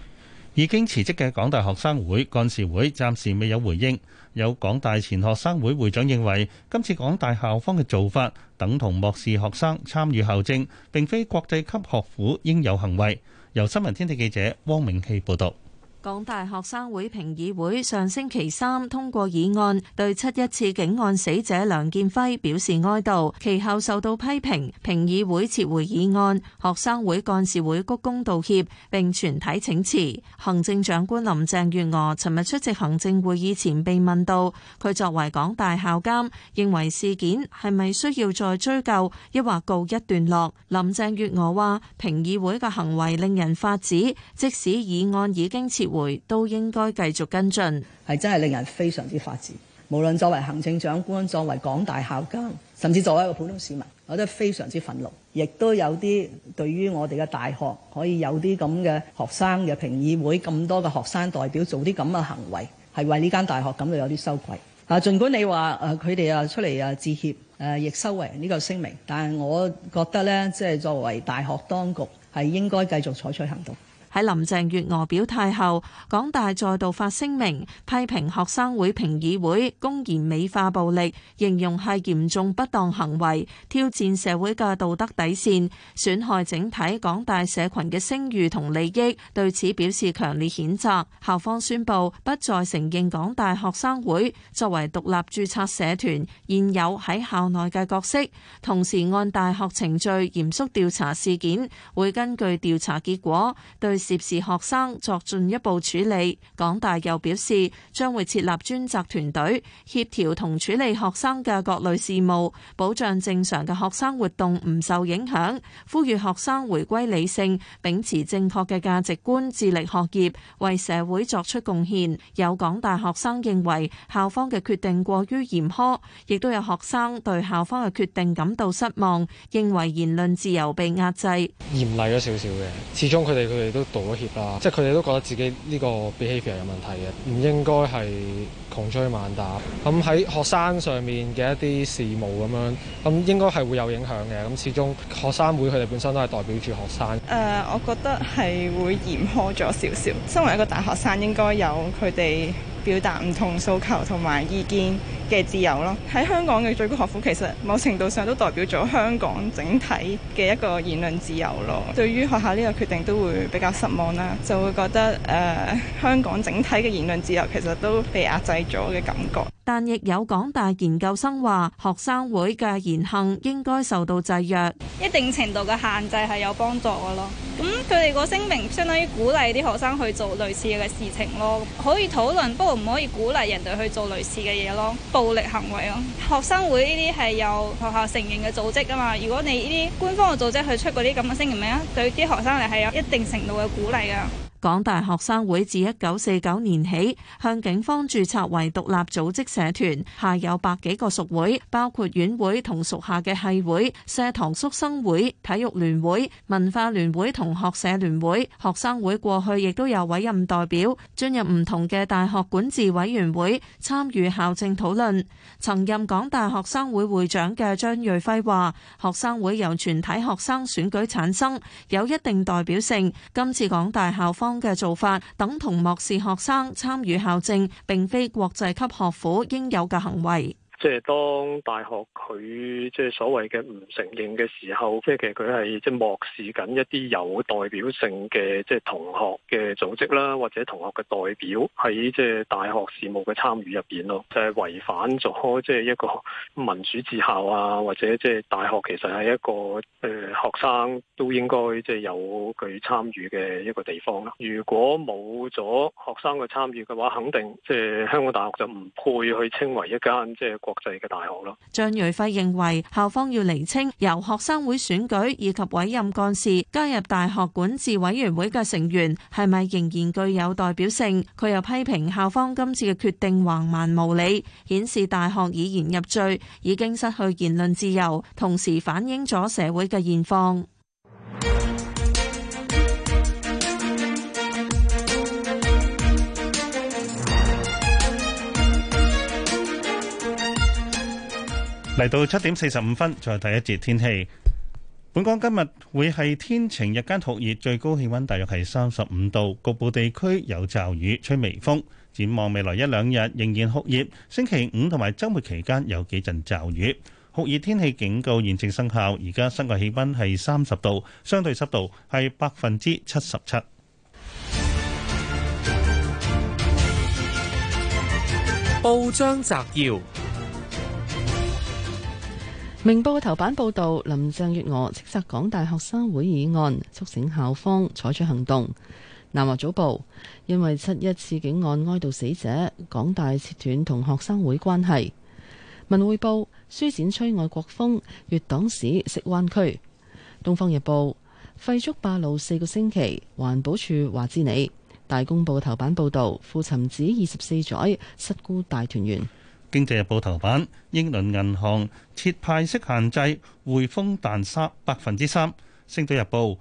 已經辭職嘅港大學生會幹事會暫時未有回應。有港大前學生會會長認為，今次港大校方嘅做法等同漠視學生參與校政，並非國際級學府應有行為。由新聞天地記者汪明熙報道。港大學生會評議會上星期三通過議案，對七一刺警案死者梁健輝表示哀悼。其後受到批評，評議會撤回議案，學生會幹事會鞠躬道歉並全體請辭。行政長官林鄭月娥尋日出席行政會議前被問到，佢作為港大校監，認為事件係咪需要再追究，抑或告一段落？林鄭月娥話：評議會嘅行為令人發指，即使議案已經撤。會都應該繼續跟進，係真係令人非常之髮指。無論作為行政長官、作為港大校監，甚至作為一個普通市民，我都非常之憤怒。亦都有啲對於我哋嘅大學可以有啲咁嘅學生嘅評議會，咁多嘅學生代表做啲咁嘅行為，係為呢間大學感到有啲羞愧。啊，盡管你話誒，佢哋啊出嚟啊致歉誒，亦收回呢個聲明，但係我覺得咧，即係作為大學當局係應該繼續採取行動。喺林鄭月娥表態後，港大再度發聲明批評學生會評議會公然美化暴力，形容係嚴重不當行為，挑戰社會嘅道德底線，損害整體港大社群嘅聲譽同利益。對此表示強烈譴責。校方宣布不再承認港大學生會作為獨立註冊社團現有喺校內嘅角色，同時按大學程序嚴肅調查事件，會根據調查結果對。涉事學生作進一步處理，港大又表示將會設立專責團隊協調同處理學生嘅各類事務，保障正常嘅學生活動唔受影響。呼籲學生回歸理性，秉持正確嘅價值觀，致力學業，為社會作出貢獻。有港大學生認為校方嘅決定過於嚴苛，亦都有學生對校方嘅決定感到失望，認為言論自由被壓制，嚴厲咗少少嘅。始終佢哋佢哋都道咗歉啦，即係佢哋都覺得自己呢個 behavior 有問題嘅，唔應該係窮追猛打。咁、嗯、喺學生上面嘅一啲事務咁樣，咁、嗯、應該係會有影響嘅。咁、嗯、始終學生會佢哋本身都係代表住學生。誒，uh, 我覺得係會嚴苛咗少少。身為一個大學生，應該有佢哋。表達唔同訴求同埋意見嘅自由咯，喺香港嘅最高學府其實某程度上都代表咗香港整體嘅一個言論自由咯。對於學校呢個決定都會比較失望啦，就會覺得誒、呃、香港整體嘅言論自由其實都被壓制咗嘅感覺。但亦有港大研究生話，學生會嘅言行應該受到制約，一定程度嘅限制係有幫助噶咯。咁佢哋個聲明相當於鼓勵啲學生去做類似嘅事情咯，可以討論，不過唔可以鼓勵人哋去做類似嘅嘢咯，暴力行為咯。學生會呢啲係有學校承認嘅組織㗎嘛，如果你呢啲官方嘅組織去出嗰啲咁嘅聲明啊，對啲學生嚟係有一定程度嘅鼓勵噶。港大學生會自一九四九年起向警方註冊為獨立組織社團，下有百幾個屬會，包括院會同屬下嘅系會、社堂、宿生會、體育聯會、文化聯會、同學社聯會。學生會過去亦都有委任代表進入唔同嘅大學管治委員會，參與校政討論。曾任港大學生會會長嘅張瑞輝話，學生會由全體學生選舉產生，有一定代表性。今次港大校方方嘅做法等同漠視學生參與校政，並非國際級學府應有嘅行為。即係當大學佢即係所謂嘅唔承認嘅時候，即係其實佢係即係漠視緊一啲有代表性嘅即係同學嘅組織啦，或者同學嘅代表喺即係大學事務嘅參與入邊咯，就係違反咗即係一個民主治校啊，或者即係大學其實係一個誒學生都應該即係有佢參與嘅一個地方。如果冇咗學生嘅參與嘅話，肯定即係香港大學就唔配去稱為一間即係，國際嘅大學咯，張瑞輝認為校方要釐清由學生會選舉以及委任幹事加入大學管治委員會嘅成員係咪仍然具有代表性。佢又批評校方今次嘅決定橫蠻無理，顯示大學已然入罪，已經失去言論自由，同時反映咗社會嘅現況。嚟到七點四十五分，再睇第一節天氣。本港今日會係天晴，日間酷熱，最高氣溫大約係三十五度，局部地區有驟雨，吹微風。展望未來一兩日仍然酷熱，星期五同埋週末期間有幾陣驟雨，酷熱天氣警告現正生效。而家室外氣溫係三十度，相對濕度係百分之七十七。報章摘要。明報嘅頭版報道，林鄭月娥斥責港大學生會議案，促請校方採取行動。南華早報，因為七一刺警案哀悼死者，港大切斷同學生會關係。文匯報，書展吹外國風，粵黨史識灣區。東方日報，廢竹霸路四個星期，環保署話知你。大公報嘅頭版報道，父尋子二十四載，失孤大團圓。經濟日報頭版，英倫銀行設派息限制，匯豐彈殺百分之三，星島日報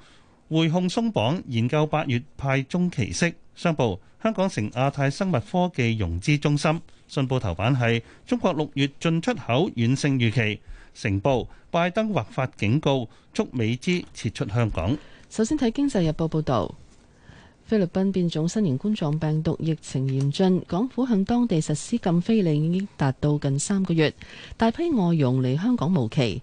匯控鬆綁，研究八月派中期息。商報香港成亞太生物科技融資中心。信報頭版係中國六月進出口遠勝預期。成報拜登或發警告，促美資撤出香港。首先睇經濟日報報道。菲律賓變種新型冠狀病毒疫情嚴峻，港府向當地實施禁飛令已經達到近三個月，大批外傭嚟香港無期。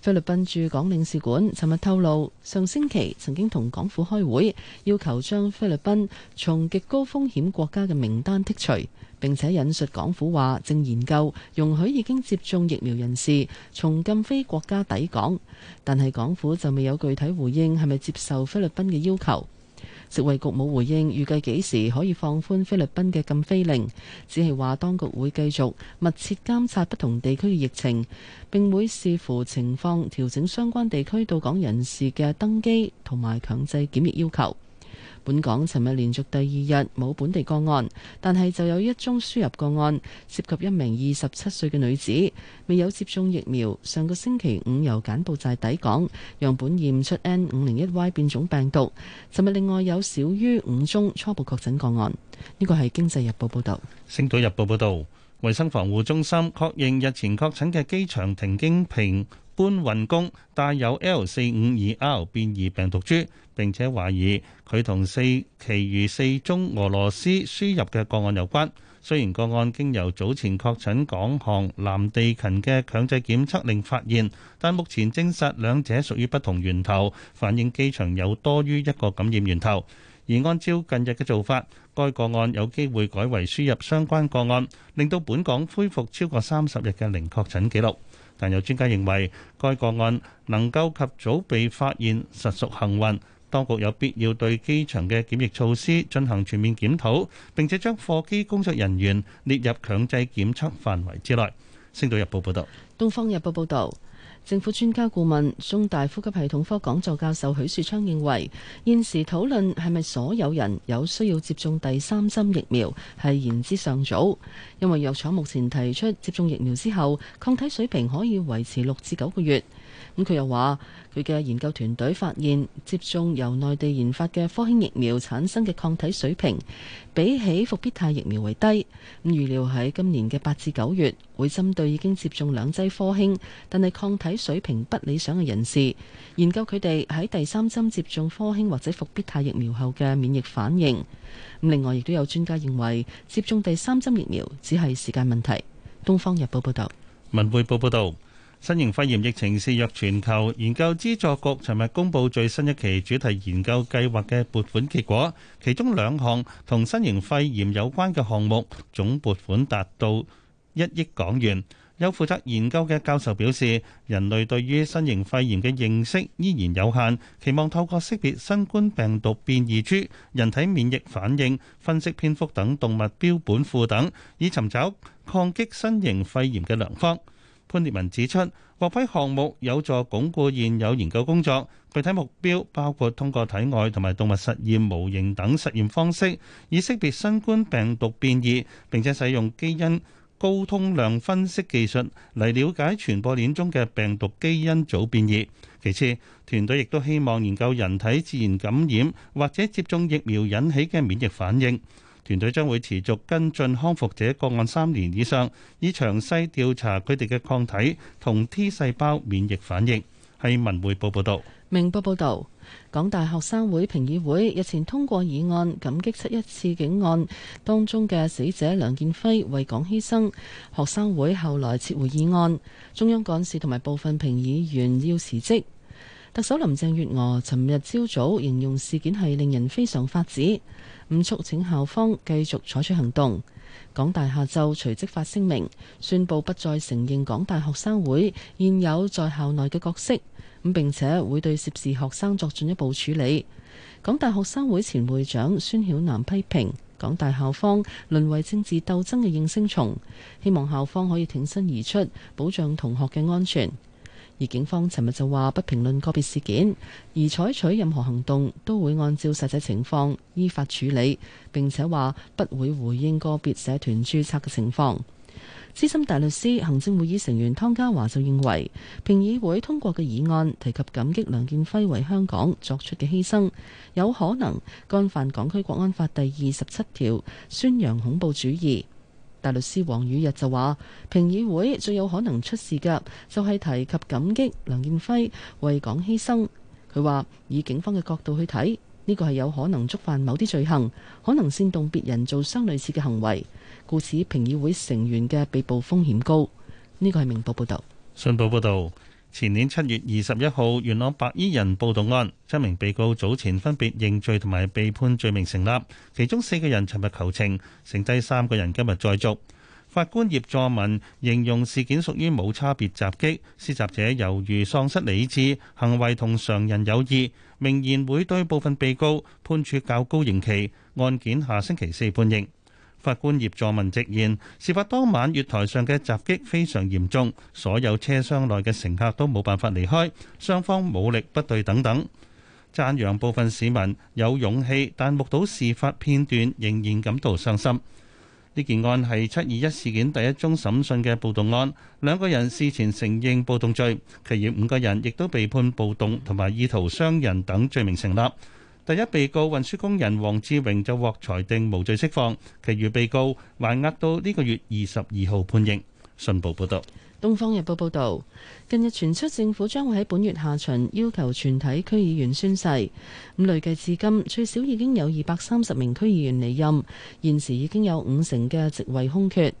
菲律賓駐港領事館尋日透露，上星期曾經同港府開會，要求將菲律賓從極高風險國家嘅名單剔除。並且引述港府話，正研究容許已經接種疫苗人士從禁飛國家抵港，但係港府就未有具體回應係咪接受菲律賓嘅要求。食衛局冇回應，預計幾時可以放寬菲律賓嘅禁飛令，只係話當局會繼續密切監察不同地區嘅疫情，並會視乎情況調整相關地區到港人士嘅登機同埋強制檢疫要求。本港尋日連續第二日冇本地個案，但係就有一宗輸入個案，涉及一名二十七歲嘅女子，未有接種疫苗。上個星期五由柬埔寨抵港，樣本驗出 N 五零一 Y 變種病毒。尋日另外有少於五宗初步確診個案。呢個係《經濟日報》報導，《星島日報》報導，衛生防護中心確認日前確診嘅機場停機坪搬運工帶有 L 四五二 R 變異病毒株，並且懷疑佢同四其餘四宗俄羅斯輸入嘅個案有關。雖然個案經由早前確診港航男地勤嘅強制檢測令發現，但目前證實兩者屬於不同源頭，反映機場有多於一個感染源頭。而按照近日嘅做法，該個案有機會改為輸入相關個案，令到本港恢復超過三十日嘅零確診記錄。但有專家認為，該個案能夠及早被發現，實屬幸運。當局有必要對機場嘅檢疫措施進行全面檢討，並且將貨機工作人員列入強制檢測範圍之內。星島日報報道。東方日報報道。政府專家顧問、中大呼吸系統科講座教授許樹昌認為，現時討論係咪所有人有需要接種第三針疫苗係言之尚早，因為藥廠目前提出接種疫苗之後，抗體水平可以維持六至九個月。咁佢又話：佢嘅研究團隊發現，接種由內地研發嘅科興疫苗產生嘅抗體水平，比起復必泰疫苗為低。咁預料喺今年嘅八至九月，會針對已經接種兩劑科興，但係抗體水平不理想嘅人士，研究佢哋喺第三針接種科興或者復必泰疫苗後嘅免疫反應。另外，亦都有專家認為，接種第三針疫苗只係時間問題。《東方日報》報道。《文匯報》報道。新型肺炎疫情肆虐全球，研究資助局尋日公布最新一期主題研究計劃嘅撥款結果，其中兩項同新型肺炎有關嘅項目，總撥款達到一億港元。有負責研究嘅教授表示，人類對於新型肺炎嘅認識依然有限，期望透過識別新冠病毒變異株、人體免疫反應、分析蝙蝠等動物標本庫等，以尋找抗擊新型肺炎嘅良方。潘烈文指出，獲批項目有助鞏固現有研究工作，具體目標包括通過體外同埋動物實驗模型等實驗方式，以識別新冠病毒變異，並且使用基因高通量分析技術嚟了解傳播鏈中嘅病毒基因組變異。其次，團隊亦都希望研究人體自然感染或者接種疫苗引起嘅免疫反應。團隊將會持續跟進康復者個案三年以上，以詳細調查佢哋嘅抗體同 T 細胞免疫反應。係文匯報報導。明報報道：「港大學生會評議會日前通過議案，感激七一刺警案當中嘅死者梁建輝為港犧牲。學生會後來撤回議案，中央幹事同埋部分評議員要辭職。特首林鄭月娥尋日朝早形容事件係令人非常發指。唔促請校方繼續採取行動。港大下晝隨即發聲明，宣佈不再承認港大學生會現有在校內嘅角色，咁並且會對涉事學生作進一步處理。港大學生會前會長孫曉南批評港大校方淪為政治鬥爭嘅應聲蟲，希望校方可以挺身而出，保障同學嘅安全。而警方尋日就話不評論個別事件，而採取任何行動都會按照實際情況依法處理。並且話不會回應個別社團註冊嘅情況。資深大律師、行政會議成員湯家驊就認為，評議會通過嘅議案提及感激梁建輝為香港作出嘅犧牲，有可能干犯港區國安法第二十七條，宣揚恐怖主義。大律師黃宇日就話，評議會最有可能出事嘅就係提及感激梁健輝為港犧牲。佢話以警方嘅角度去睇，呢個係有可能觸犯某啲罪行，可能煽動別人做相類似嘅行為，故此評議會成員嘅被捕風險高。呢個係明報報道、信報報道。前年七月二十一號元朗白衣人暴動案，七名被告早前分別認罪同埋被判罪名成立，其中四個人尋日求情，剩低三個人今日再續。法官葉作文形容事件屬於冇差別襲擊，施襲者由於喪失理智，行為同常人有異，明言會對部分被告判處較高刑期。案件下星期四判刑。法官葉助文直言，事發當晚月台上嘅襲擊非常嚴重，所有車廂內嘅乘客都冇辦法離開，雙方武力不對等等，讚揚部分市民有勇氣，但目睹事發片段仍然感到傷心。呢件案係七二一事件第一宗審訊嘅暴動案，兩個人事前承認暴動罪，其餘五個人亦都被判暴動同埋意圖傷人等罪名成立。第一被告運輸工人黃志榮就獲裁定無罪釋放，其餘被告還押到呢個月二十二號判刑。信報報導，《東方日報》報導，近日傳出政府將會喺本月下旬要求全體區議員宣誓。咁累計至今最少已經有二百三十名區議員離任，現時已經有五成嘅席位空缺。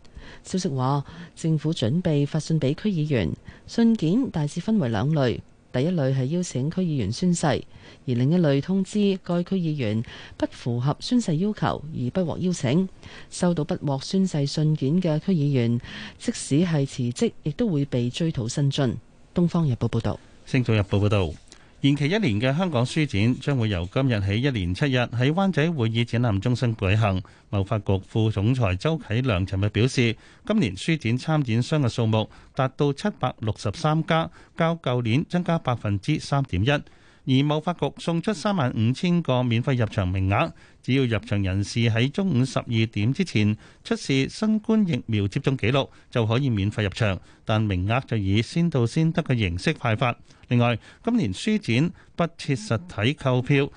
消息話，政府準備發信俾區議員，信件大致分為兩類，第一類係邀請區議員宣誓。而另一類通知，該區議員不符合宣誓要求，而不獲邀請。收到不獲宣誓信件嘅區議員，即使係辭職，亦都會被追討薪津。《東方日報》報導，《星島日報》報導，延期一年嘅香港書展將會由今日起一連七日喺灣仔會議展覽中心舉行。貿發局副總裁周啟良尋日表示，今年書展參展商嘅數目達到七百六十三家，較舊年增加百分之三點一。而貿發局送出三萬五千個免費入場名額，只要入場人士喺中午十二點之前出示新冠疫苗接種記錄，就可以免費入場。但名額就以先到先得嘅形式派發。另外，今年書展不設實體購票，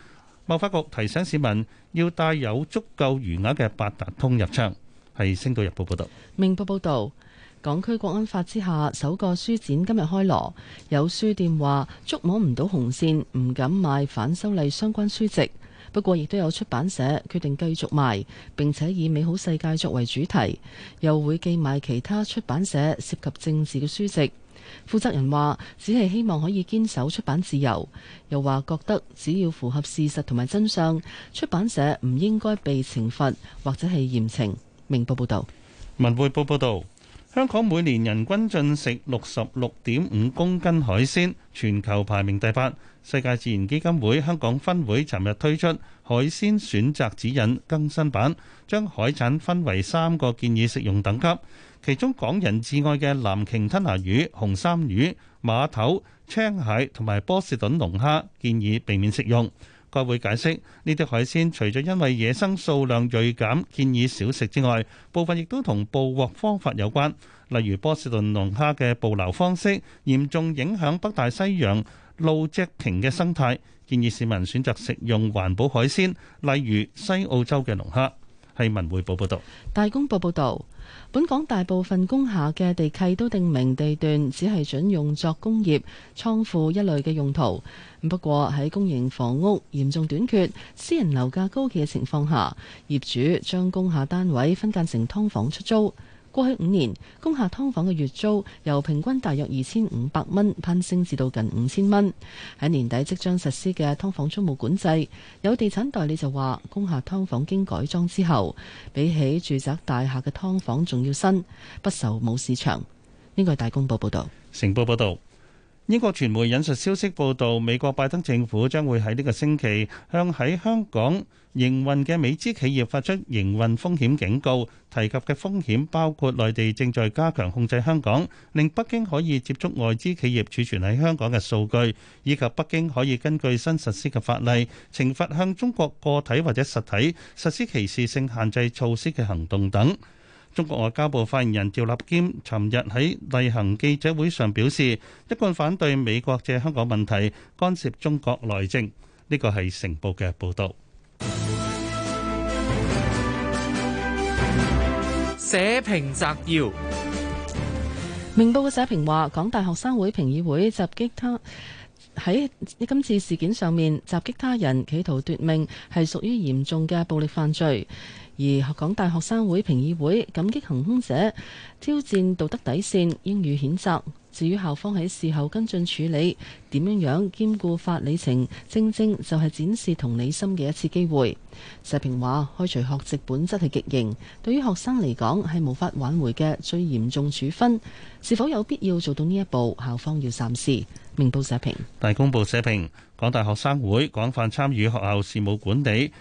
貿發局提醒市民要帶有足夠餘額嘅八達通入場。係星島日報報道。明報報道。港區國安法之下，首個書展今日開鑼。有書店話捉摸唔到紅線，唔敢賣反修例相關書籍。不過，亦都有出版社決定繼續賣，並且以美好世界作為主題，又會寄賣其他出版社涉及政治嘅書籍。負責人話：只係希望可以堅守出版自由。又話覺得只要符合事實同埋真相，出版社唔應該被懲罰或者係嚴懲。明報報道。文匯報報道。香港每年人均進食六十六點五公斤海鮮，全球排名第八。世界自然基金會香港分會尋日推出海鮮選擇指引更新版，將海產分為三個建議食用等級，其中港人至愛嘅藍鰭吞拿魚、紅衫魚、馬頭、青蟹同埋波士頓龍蝦建議避免食用。該會解釋呢啲海鮮除咗因為野生數量鋭減，建議少食之外，部分亦都同捕獲方法有關，例如波士頓龍蝦嘅捕撈方式嚴重影響北大西洋露脊鯨嘅生態，建議市民選擇食用環保海鮮，例如西澳洲嘅龍蝦。係文匯報報導，大公報報導。本港大部分工廈嘅地契都定明地段，只係准用作工業、倉庫一類嘅用途。不過喺公營房屋嚴重短缺、私人樓價高企嘅情況下，業主將工廈單位分間成劏房出租。過去五年，工廈㓥房嘅月租由平均大約二千五百蚊攀升至到近五千蚊。喺年底即將實施嘅㓥房租務管制，有地產代理就話，工廈㓥房經改裝之後，比起住宅大廈嘅㓥房仲要新，不愁冇市場。呢個係大公報報道，成報報道。英國傳媒引述消息報道，美國拜登政府將會喺呢個星期向喺香港營運嘅美資企業發出營運風險警告，提及嘅風險包括內地正在加強控制香港，令北京可以接觸外資企業儲存喺香港嘅數據，以及北京可以根據新實施嘅法例懲罰向中國個體或者實體實施歧視性限制措施嘅行動等。中國外交部發言人趙立堅尋日喺例行記者會上表示，一貫反對美國借香港問題干涉中國內政。呢個係《成報》嘅報道。社評摘要：明報嘅社評話，港大學生會評議會襲擊他喺今次事件上面襲擊他人，企圖奪命，係屬於嚴重嘅暴力犯罪。而港大學生會評議會感激行凶者挑戰道德底線，應予譴責。至於校方喺事後跟進處理點樣樣，兼顧法理情，正正就係展示同理心嘅一次機會。社評話，開除學籍本質係極刑，對於學生嚟講係無法挽迴嘅最嚴重處分。是否有必要做到呢一步，校方要三思。明報社評。大公報社評，港大學生會廣泛參與學校事務管理。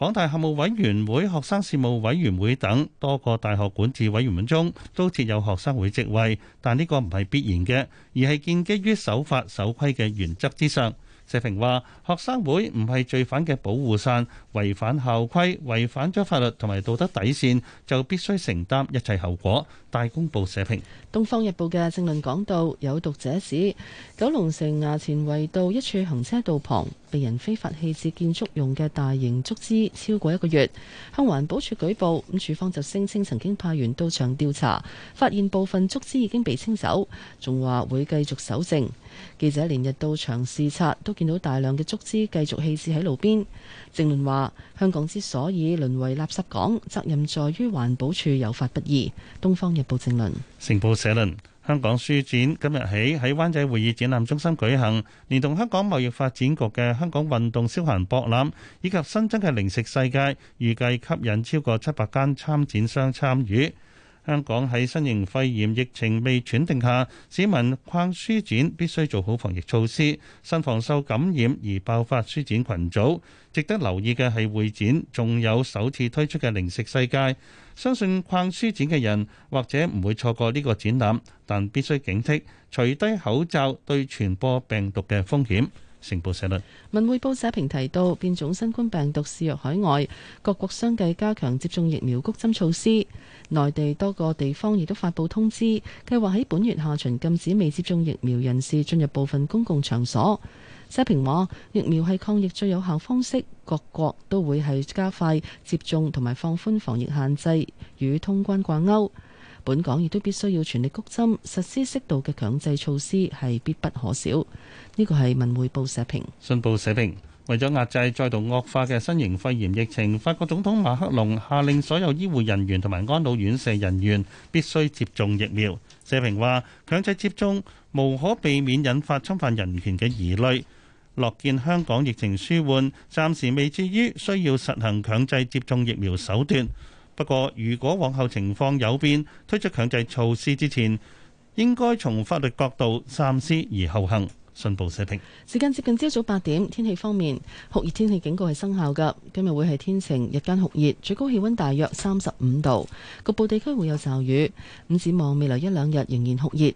港大校務委員會、學生事務委員會等多個大學管治委員會中，都設有學生會席位，但呢個唔係必然嘅，而係建基於守法守規嘅原則之上。社評話：學生會唔係罪犯嘅保護傘，違反校規、違反咗法律同埋道德底線，就必須承擔一切後果。大公報社評，東方日報嘅正論講到，有讀者指九龍城衙前圍道一處行車道旁，被人非法棄置建築用嘅大型竹枝超過一個月，向環保署舉報，咁署方就聲稱曾經派員到場調查，發現部分竹枝已經被清走，仲話會繼續搜證。記者連日到場視察，都見到大量嘅竹枝繼續棄置喺路邊。正論話，香港之所以淪為垃圾港，責任在於環保署有法不依。東方文，報政成報社論：香港書展今日起喺灣仔會議展覽中心舉行，連同香港貿易發展局嘅香港運動消閒博覽以及新增嘅零食世界，預計吸引超過七百間參展商參與。香港喺新型肺炎疫情未喘定下，市民逛書展必須做好防疫措施，慎防受感染而爆發書展群組。值得留意嘅係會展仲有首次推出嘅零食世界，相信逛書展嘅人或者唔會錯過呢個展覽，但必須警惕除低口罩對傳播病毒嘅風險。成報社論文匯報社評提到，變種新冠病毒肆虐海外，各國相繼加強接種疫苗、谷針措施。內地多個地方亦都發布通知，計劃喺本月下旬禁止未接種疫苗人士進入部分公共場所。社評話，疫苗係抗疫最有效方式，各國都會係加快接種同埋放寬防疫限制，與通關掛鈎。本港亦都必須要全力谷針，實施適度嘅強制措施係必不可少。呢個係文匯報社評。信報社評，為咗壓制再度惡化嘅新型肺炎疫情，法國總統馬克龍下令所有醫護人員同埋安老院舍人員必須接種疫苗。社評話，強制接種無可避免引發侵犯人權嘅疑慮。樂見香港疫情舒緩，暫時未至於需要實行強制接種疫苗手段。不過，如果往後情況有變，推出強制措施之前，應該從法律角度三思而後行。信報社評。時間接近朝早八點，天氣方面酷熱天氣警告係生效噶。今日會係天晴，日間酷熱，最高氣溫大約三十五度，局部地區會有驟雨。咁展望未來一兩日仍然酷熱。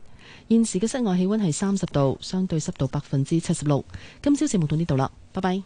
現時嘅室外氣溫係三十度，相對濕度百分之七十六。今朝節目到呢度啦，拜拜。